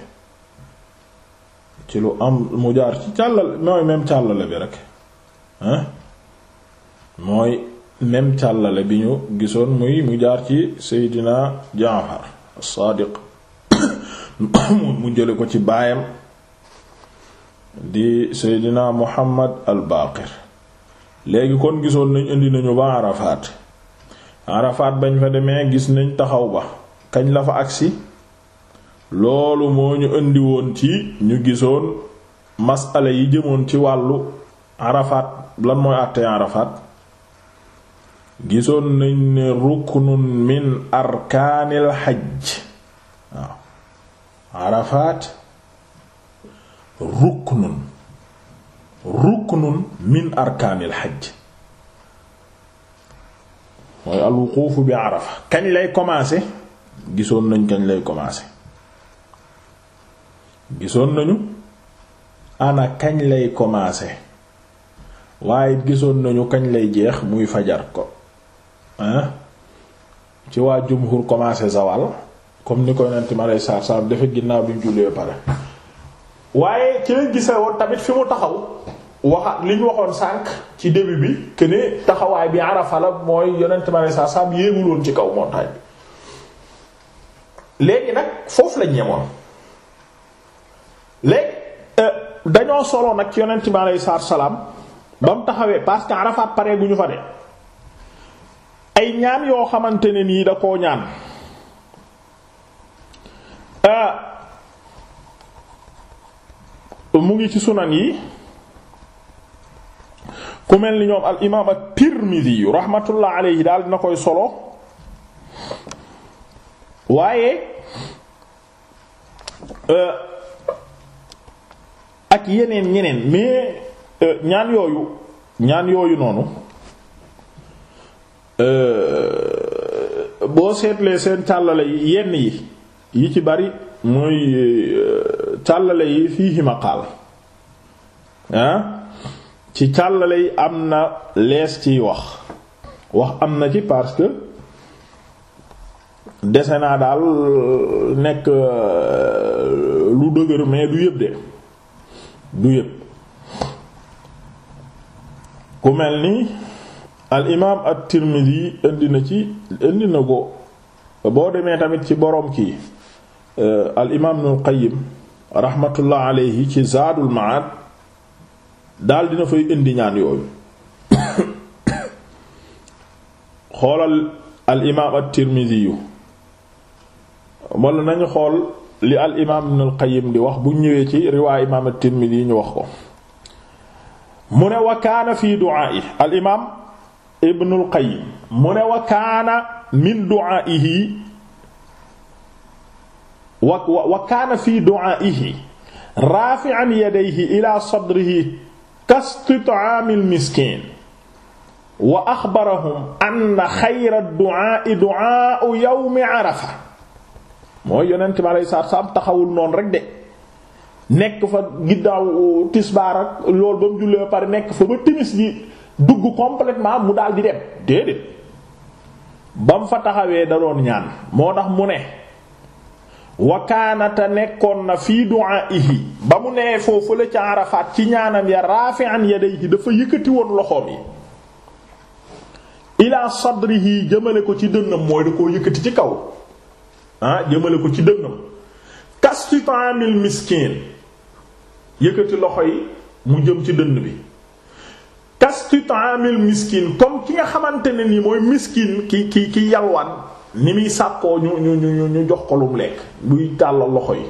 ci lu am mu jaar ci càllal mooy même càllale bi rek mooy même càllale bi ñu gisoon muy mu jaar ci seydina jaafar as-saadiq mu jële ko ci baayam di seydina muhammad al baaqir léegi kon gisoon nañ indi nañu ba arafaat arafaat bañ fa demee gis nañ taxaw ba kañ la fa agsi loolu moo ñu indi woon ci ñu gisoon masala yi jëmoon ci wàllu arafaat lan mooy àttee arafaat gisoon nañ ne ruknun min arkaanil xaj waaw ruknun ruknun min arkaanil xaj mooy al wuquuf bi arafa kañ lay commencer gisoon nañ kañ lay commencer gisoon nañu ana kañ lay commencer waaye gisoon nañu kañ lay jeex muy fajar ko ah ci waa jumhur commencer zawal comme ni koy nanti ma lay saar saar dafa ginnaaw bi jullee pare waaye ci lañ gise woon tamit fi mu taxaw waxa li waxoon sànq ci début bi que ne taxawaay bi Arafa la mooy yonent ma ne saa saam ci kaw montagne bi léegi nag foofu lañ ñemoon léegi euh, dañoo solo nag ci yonent bi aleyhi salaatu salaam ba mu taxawee parce que Arafat pare bu ñu fa de ay ñaan yoo xamante ne nii da koo ñaan. Euh, mu ngi ci sunan yi ku mel ni ñoom al imaam at-Tirmidhi rahmatullah alayhi daal dina koy solo waaye euh, ak yeneen ñeneen mais euh, ñaan yooyu ñaan yooyu noonu euh, boo seetlee seen càllale yenn yi yi ci bari mooy càllale yi fii maqaal ah ci càllale yi am na lees ciy wax wax am na ci parce que dese naa daal nekk euh, lu dëgër mais du yëpp de du yëpp ku mel ni al imaam at yi indi na ci indi na ko boo demee tamit ci boroom kii euh, al imaam Ibnul Qayyim rahmatullah alayhi ci zaadul maad daal dina fay indi ñaan yooyu xoolal al imaam at-Tirmidhi yu nañu xool li al imaam Ibn al-Qayyim di wax bu ñëwee ci riwaay imaam at-Tirmidhi yi ñu wax ko mu ne wa kaana fii du'aa'i al imaam Ibn al-Qayyim mu ne wa kaana min du'aa'ihi wa wa kaana fi du'aa'ihi raafi'an yadayhi ilaa sadrihi kastit'aami al-miskiin wa axbarahum anna xayra ad-du'aa'i du'aa'u Arafa mooy yonent bi alayhi salaatu taxawul noonu rek de nekk fa giddaaw tisbaar ak loolu ba mu jullee pare nekk fa ba timis ji dugg complètement mu daal di dem déedéet ba mu fa taxawee da doon ñaan moo tax mu ne. wakaanata nekkoon na fii du'aa'ihi ba mu nee foofu la ca Arafaat ci ñaanam ya raafi'an yadayhi dafa yëkkati woon loxoom yi ilaa sadrihi jëmale ko ci dënnam mooy da koo yëkkati ci kaw ah, jëmale ko ci dënnam kastitaamil miskin yëkkati loxo yi mu jëm ci dënn bi kastitaamil miskin comme ki nga xamante ne ni mooy miskin ki ki ki yalwaan ni muy sàkkoo ñu ñu ñu ñu jox ko lum lekk buy tàllal loxo yi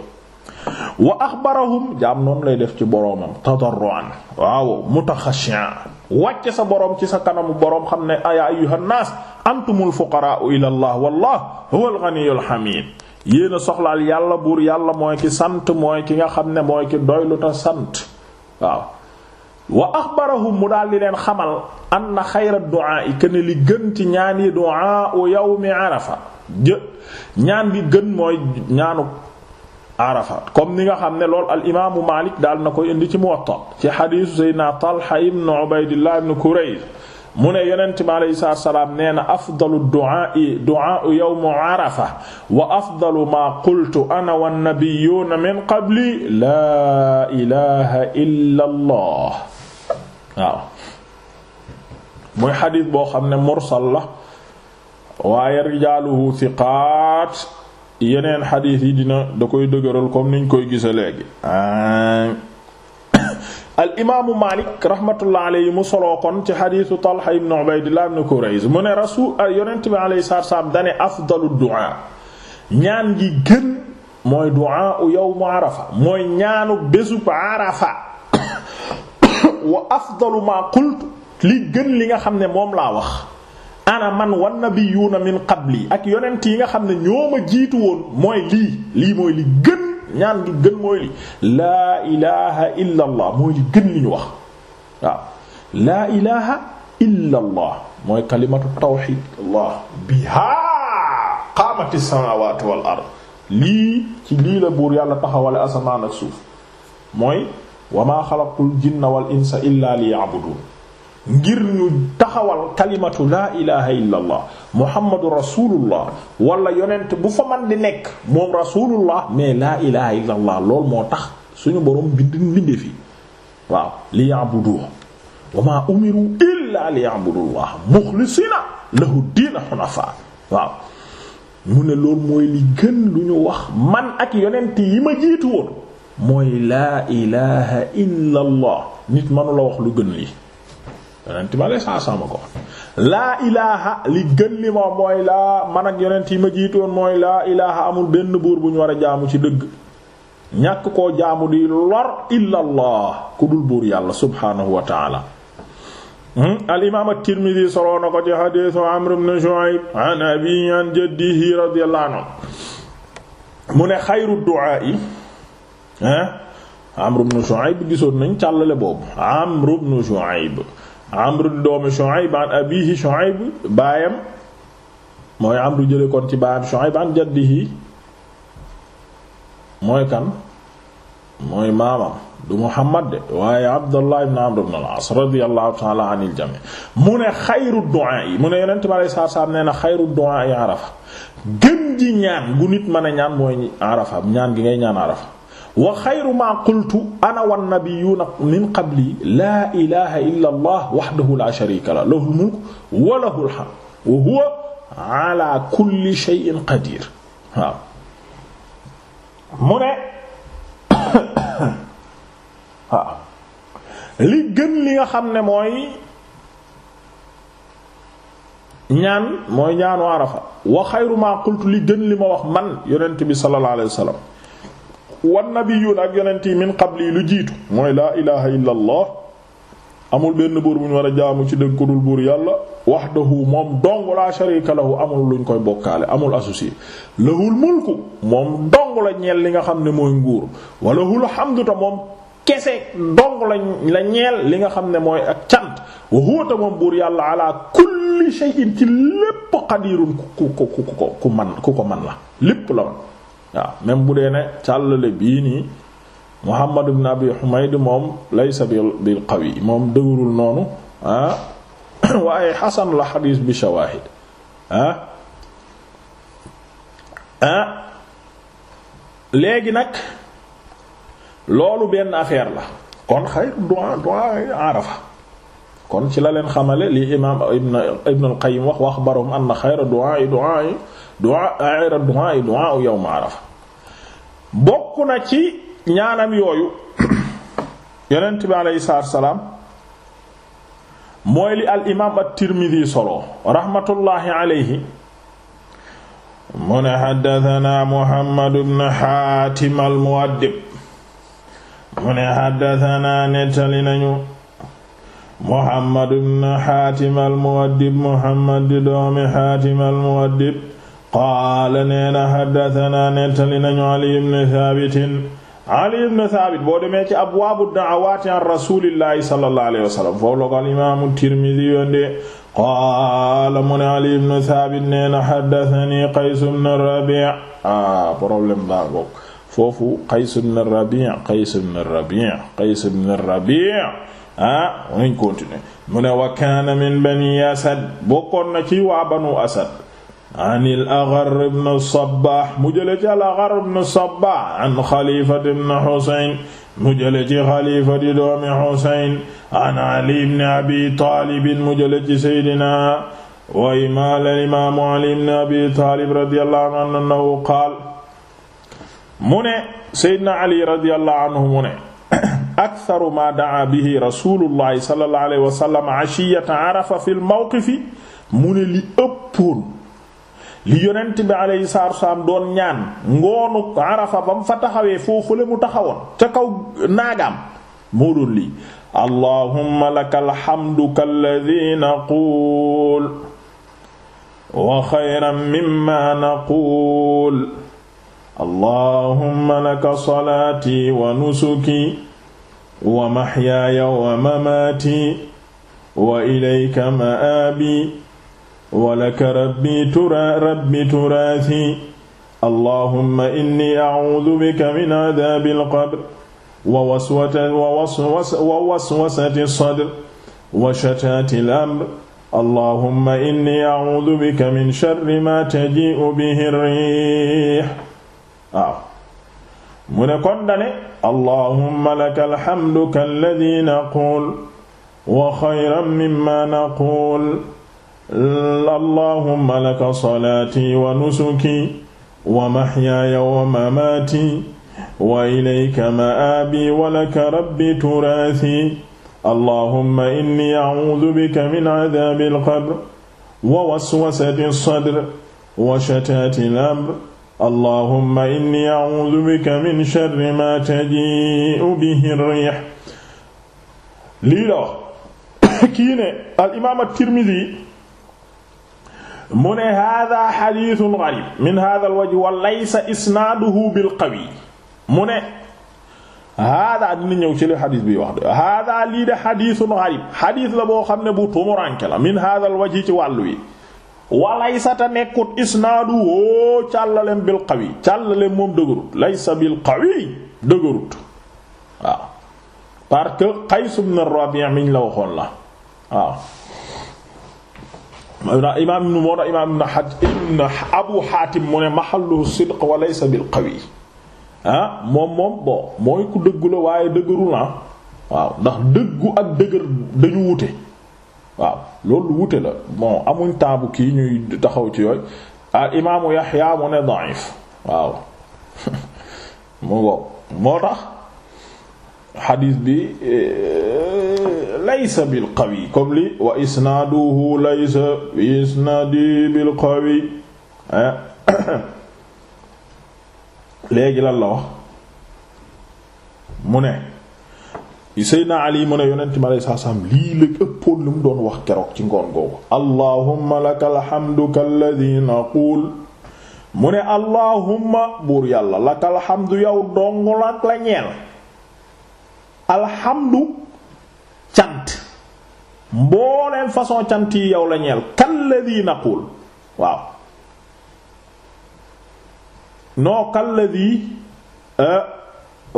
wa axbarahum jaam noonu lay def ci boroomam tadarruan waaw mutaxashian wàcce sa borom ci sa kanamu boroom xam ne aya ayyuhan naas antumul fuqaraa'u ila allah wallahu huwal ghaniyyul hamid yéen soxlaal yàlla buur yàlla mooy ki sant mooy ki nga xam ne mooy ki doylu ta sant waaw wa axbarahum mu daal di leen xamal anna xayra du'a yi ne li gën ci ñaan yi du'a u yawmi arafa jë ñaan bi gën mooy ñaanu arafa comme ni nga xam ne lool al imaamu Maalik daal na koy indi ci Muwatta ci xadiisu Seydina Talha ibn Ubaydillah ibn Kurayz mu ne yonent bi aleyhi salaatu salaam nee na afdalu du'aa'i du'aa'u yawmu arafa wa afdalu maa qultu ana wan nabiyyuuna min qabli laa ilaaha illa allah waaw muy xadis boo xam ne mursal la waaye rijaaluhu thiqaat yeneen xadis yi dina da koy dëgëral comme niñ koy gisa léegi al imaamu Maalik rahmatullah alayhi mu soloo kon ci xadisu Talha ibn Ubaydillah ibn Kurayz mu ne rasul yonent bi alayhi salaatu salaam dane afdalu du'a ñaan gi gën mooy du'a u yawmu Arafa mooy ñaanu bésub Arafa wa afdalu ma qultu li gën li nga xam ne moom laa wax ana man wan nabiyuuna min qabli ak yonent yi nga xam ne ñoo ma jiitu woon mooy lii lii mooy li gën ñaan gi gën mooy li laa ilaha illa mooy wax waaw laa ilaha illa allah mooy kalimatu tawxid allah bihaa qaamati samawatu wal ard lii ci lii la buur yàlla taxawale asamaan ak suuf mooy wa maa xalaqtul jinna wal insa illa liya'budun ngir ñu taxawal kalimatu laa ilaha bu fa man nekk moom rasulullah mais moo tax suñu boroom bind bindee fi waaw liya'budu mu ne loolu mooy li gën lu ñu wax man ak yonent yi ma jiitu woon mooy laa ilaha illa allah nit manu la wax lu gën lii yonent ma lay saasama ko laa ilaha li gën li ma mooy laa man ak yonent yi ma jiitoon mooy laa ilaha amul benn buur bu ñu war a jaamu ci dëgg ñàkk koo jaamu di lor illa ku dul buur yàlla subhaanahu wa taala hmm? al imaam at-Tirmidhi soloo na ko ci xadiisu Amr ibn Shu'ayb an abihi an jaddihi radiyallahu anhu mu ne xayru du'aa'i Amr ibn Shu'ayb gisoon nañ càllale boobu Amr ibn Shu'ayb Amr di doomi Shu'ayb an abiihi Shu'ayb baayam mooy Amr jële kon ci baayam Shu'ayb an jaddihi mooy kan mooy maamam du Muhammad de waaye Abdallah ibn Amr ibn al-As radiyallahu ta'ala anil jami' mu ne xayru du'a yi mu ne yonent bi alayhi salaatu salaam nee na xayru du'a yi Arafa gën ji ñaan gu nit mën a ñaan mooy Arafa ñaan gi ngay ñaan Arafa wa xayru maa qultu ana wan nabiyyuuna min qabli laa ilaaha illa allah wahdahu laa shariika lahu lahul wa lahul hamdu wa huwa ala kulli shay'in qadiir waaw mu ne li gën li nga xam ne mooy ñaan mooy ñaanu Arafa wa xayru maa qultu li gën li ma wax man yonent bi sallallahu alayhi wa sallam wan nabiyuuna ak yonent yi min qabli lu jiitu mooy laa ilaha illa allah amul benn buur bu ñu war a jaamu ci dëgg ku dul buur yàlla wahdahu moom dong laa sharika lahu amul luñ koy bokkaale amul associé lahul mulku moom dong la ñeel li nga xam ne mooy nguur wa lahul hamdu ta moom kese dong lañ la ñeel li nga xam ne mooy ak cant wa huwa buur yàlla ala kulli shay'in ci lépp qadirun ku ku ku ko man ku ko man la lépp la man waaw même bu dee ne càllale bii nii Muhammad ibn Abi Humayd moom laysa bil qawi moom dëgërul noonu ah, waaye xasan la xadiis bi shawaahid ah, ah, léegi nag loolu benn affaire la kon xayr du'a du'a Arafa kon ci la leen xamale li imaam ibn ibn al wax wax baroom anna xayra du'a du'a du'a a'ira du'a du'a yawm arafa bokk na ci ñaanam yooyu yonent bi aleyhi salaatu salaam mooy li al imaam solo rahmatullahi aleyhi mu ne Muhammad ibn Xaatim al-Muwaddib mu ne xaddatana nettali Muhammad ibn Xaatim al-Muwaddib Muhammad di doomi al-Muwaddib qaala neena xaddatana nettali nañu ali ibn thaabitin ali ibn thaabit boo demee ci abwaabu da'awaati an rasuulillahi sallallahu alayhi wa sallam foofu la ko al imaamu tirmidi yonde qaala mu ne ali ibn thaabit neena xaddatani qays ibn rabi' ah problème baa goog foofu qays ibn rabi' qays ibn rabi' qays ibn rabi' ah nañ continuer mu ne wa kaana min bani asad bokkoon na ci waa banu asad an al-Agharr ibn Sabbah mu jële ci al-Agharr ibn Sabbah an Xalifa ibn Husayn mu jële ci Xalifa di doomi Husayn an Ali ibn Abi Talib mu jële ci Seydina wa imaam al-imaam Ali ibn Abi Talib radiyallahu anhu annahu qaal mu ne Seydina Ali radiyallahu anhu mu ne aktharu ma da'a bihi rasuulullahi sallallahu alayhi wa sallam ashiyata Arafa fil mawqifi mu ne li ëppoon li yonent bi alayhi salaatu wasallam doon ñaan ngoonu arafa ba mu fa taxawee foofu la mu taxawoon ca kaw naagaam moo doon lii allahumma lakal hamdu kalladhi naqul wa khayran mimma naqul allahumma laka salaati wa nusuki wa mahyaaya wa mamaati wa ilayka ma'aabi walaka rabbi tura rabbi turaasi allahumma inni a'uudu bika min adaabil qabr wa waswasati sadr wa shataatil amr allahumma inni a'uudu bika min sharri maa taji'u bihi riih waaw mu ne kon dane allahumma lakal hamdu kalladii naquul wa xayran mimmaa naquul allahumma laka salaati wa nusuki wa mahyaaya wa mamaati wa ilayka ma'aabi wa laka rabbi turaasi allahumma inni a'uudu bika min adaabi al-qabr wa waswasati as-sadr wa shataati al-amr allahumma inni a'uudu bika min sharri maa taji'u bihi ar-riih lii la kii ne al imaam at-Tirmidhi mu ne hada xadiisun garib min hada alwaji wa laysa isnaaduhu bilqawi mu ne hada dina ñëw ci li xadiis bi wax de hada lii de xadiisun garib xadiis la boo xam ne bu tumuranke la min hada alwaji ci wàllu wi wa laysa te nekkut isnaadu bi càllaleem bilqawi càllaleem moom dëgërut laysa bilqawi dëgërut waaw parce que Qays ibn miñ la waxoon la imaam ibn moo tax imaam ibn abu xaatim mu ne mahalluhu sidq wa laysa bil qawi ah moom moom bon mooy ku dëggu la waaye dëgëru la waaw ndax dëggu ak dëgër dañu wute waaw loolu wute la bon amuñ taabu kii ñuy taxaw ci yooyu al imaamu yaxya mu ne da'if waaw moo tax xadiis bi e, laysa bil qawi comme li wa isnaaduhu laysa bi isnaadi bil qawi léegi lan la wax mu ne Seydina Ali mu ne yonent mi alayhi lii la ëppoon lu mu doon wax keroog ci ngoon googu allahumma lakal hamdu kalladhi naqul mu ne allahumma buur yàlla lakal hamdu yow dong la ñeel alhamdu cant mbooleen façon cant yi yow la ñeel kalladi naqul waaw non kalladi euh,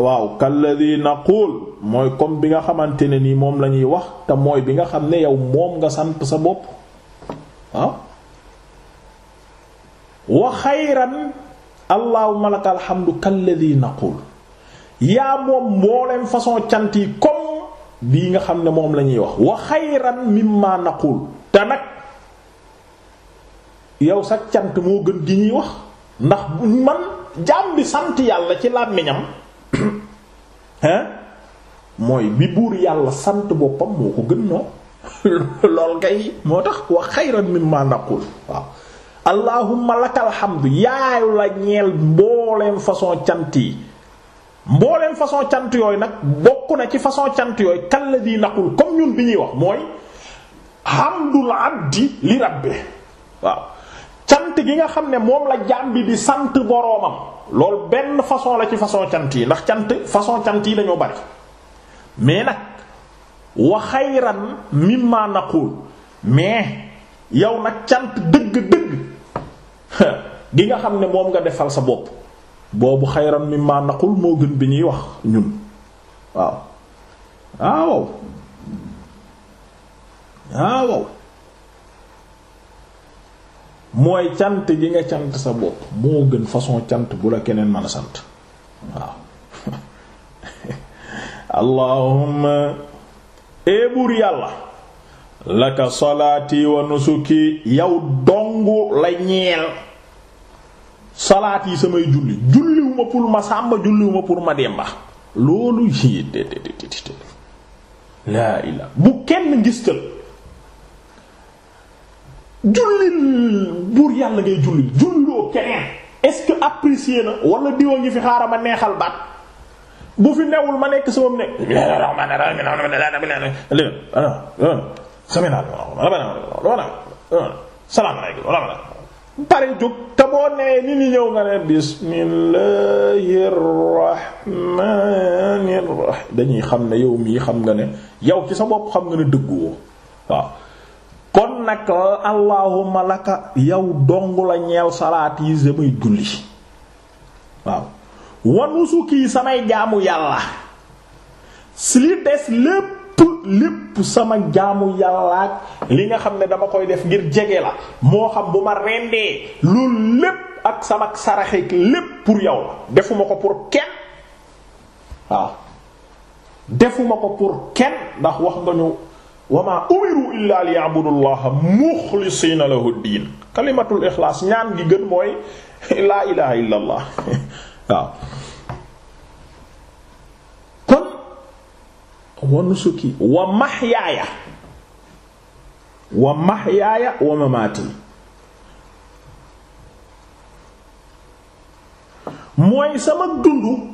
waaw kalladi naqul mooy comme bi nga xamante ne nii moom la ñuy wax te mooy bi nga xam ne yow moom nga sant sa bopp waaw wa xayran allahumma lakal hamdu kalladi naqul yaa moom mbooleem façon cant yi comme bii nga xam ne moom lañuy ñuy wax wa xayran mimma naqul te yow sa cant moo gën gi ñuy wax ndax man jaam bi sant yàlla ci làmmiñam hein mooy bi buur yàlla sant boppam moo ko gën noo lool kay moo tax wa xayran mimma naqul waaw allahumma lakal hamdu yaayu la ñeel mbooleem façon cant yi mbooleem façon cant yooyu nag bokk na ci façon cant yooyu kan la di naqul comme ñun bi ñuy wax mooy hamdul abdi li rabbi waaw cant gi nga xam ne moom la jàmbi di sant boroomam loolu benn façon la ci façon cant yi ndax cant façon cant yi dañoo bari mais nag wa xayran mimma naqul mais yow nag cant dëgg-dëgg gi nga xam ne moom nga defal sa bopp boobu xayran mimma naqul moo gën bi ñuy wax ñun waaw ah, waaw ah, waaw mooy cant gi nga cant sa bopp moo gën façon cant bu la keneen mën sant waaw allahumma ee eh, buur yàlla laka salaati wa nusuki yow dongu la ñeel salaat yi samay julli julliwuma pour ma sàmba julliwuma pour ma demba loolu yii de de de de laa ilaa bu kenn ngistal jullil buur yàlla ngay jullil julloo keneen est-ce que apprécier na wala diwa ngi fi xaaral ma neexal baat bu fi newul ma nekk sama nekk salaamaaleykum pare jóg te boo nee ni ñëw nga ne bismillahir dañuy xam ne yow mii xam nga ne yow ci sa bopp xam nga ne dëgguwoo waaw kon nag allahumma laka yow dong la ñeel salaat yi samay julli waaw wanusu kii samay jaamu yàlla si li des lépp lépp sama jaamu yàllaak li nga xam ne dama koy def ngir jege la moo xam bu ma rendee loolu lépp ak sama saraxeek lépp pour yow la defuma ko pour kenn waaw defuma ko pour kenn ndax wax nga ñu wa ma umiru illa liya'budu allaha diin kalimatul ixlaas ñaan gi gën mooy laa ilaha illa waaw wa nusuki wa mahyaaya wa mahyaaya wa mamaati mooy sama dundu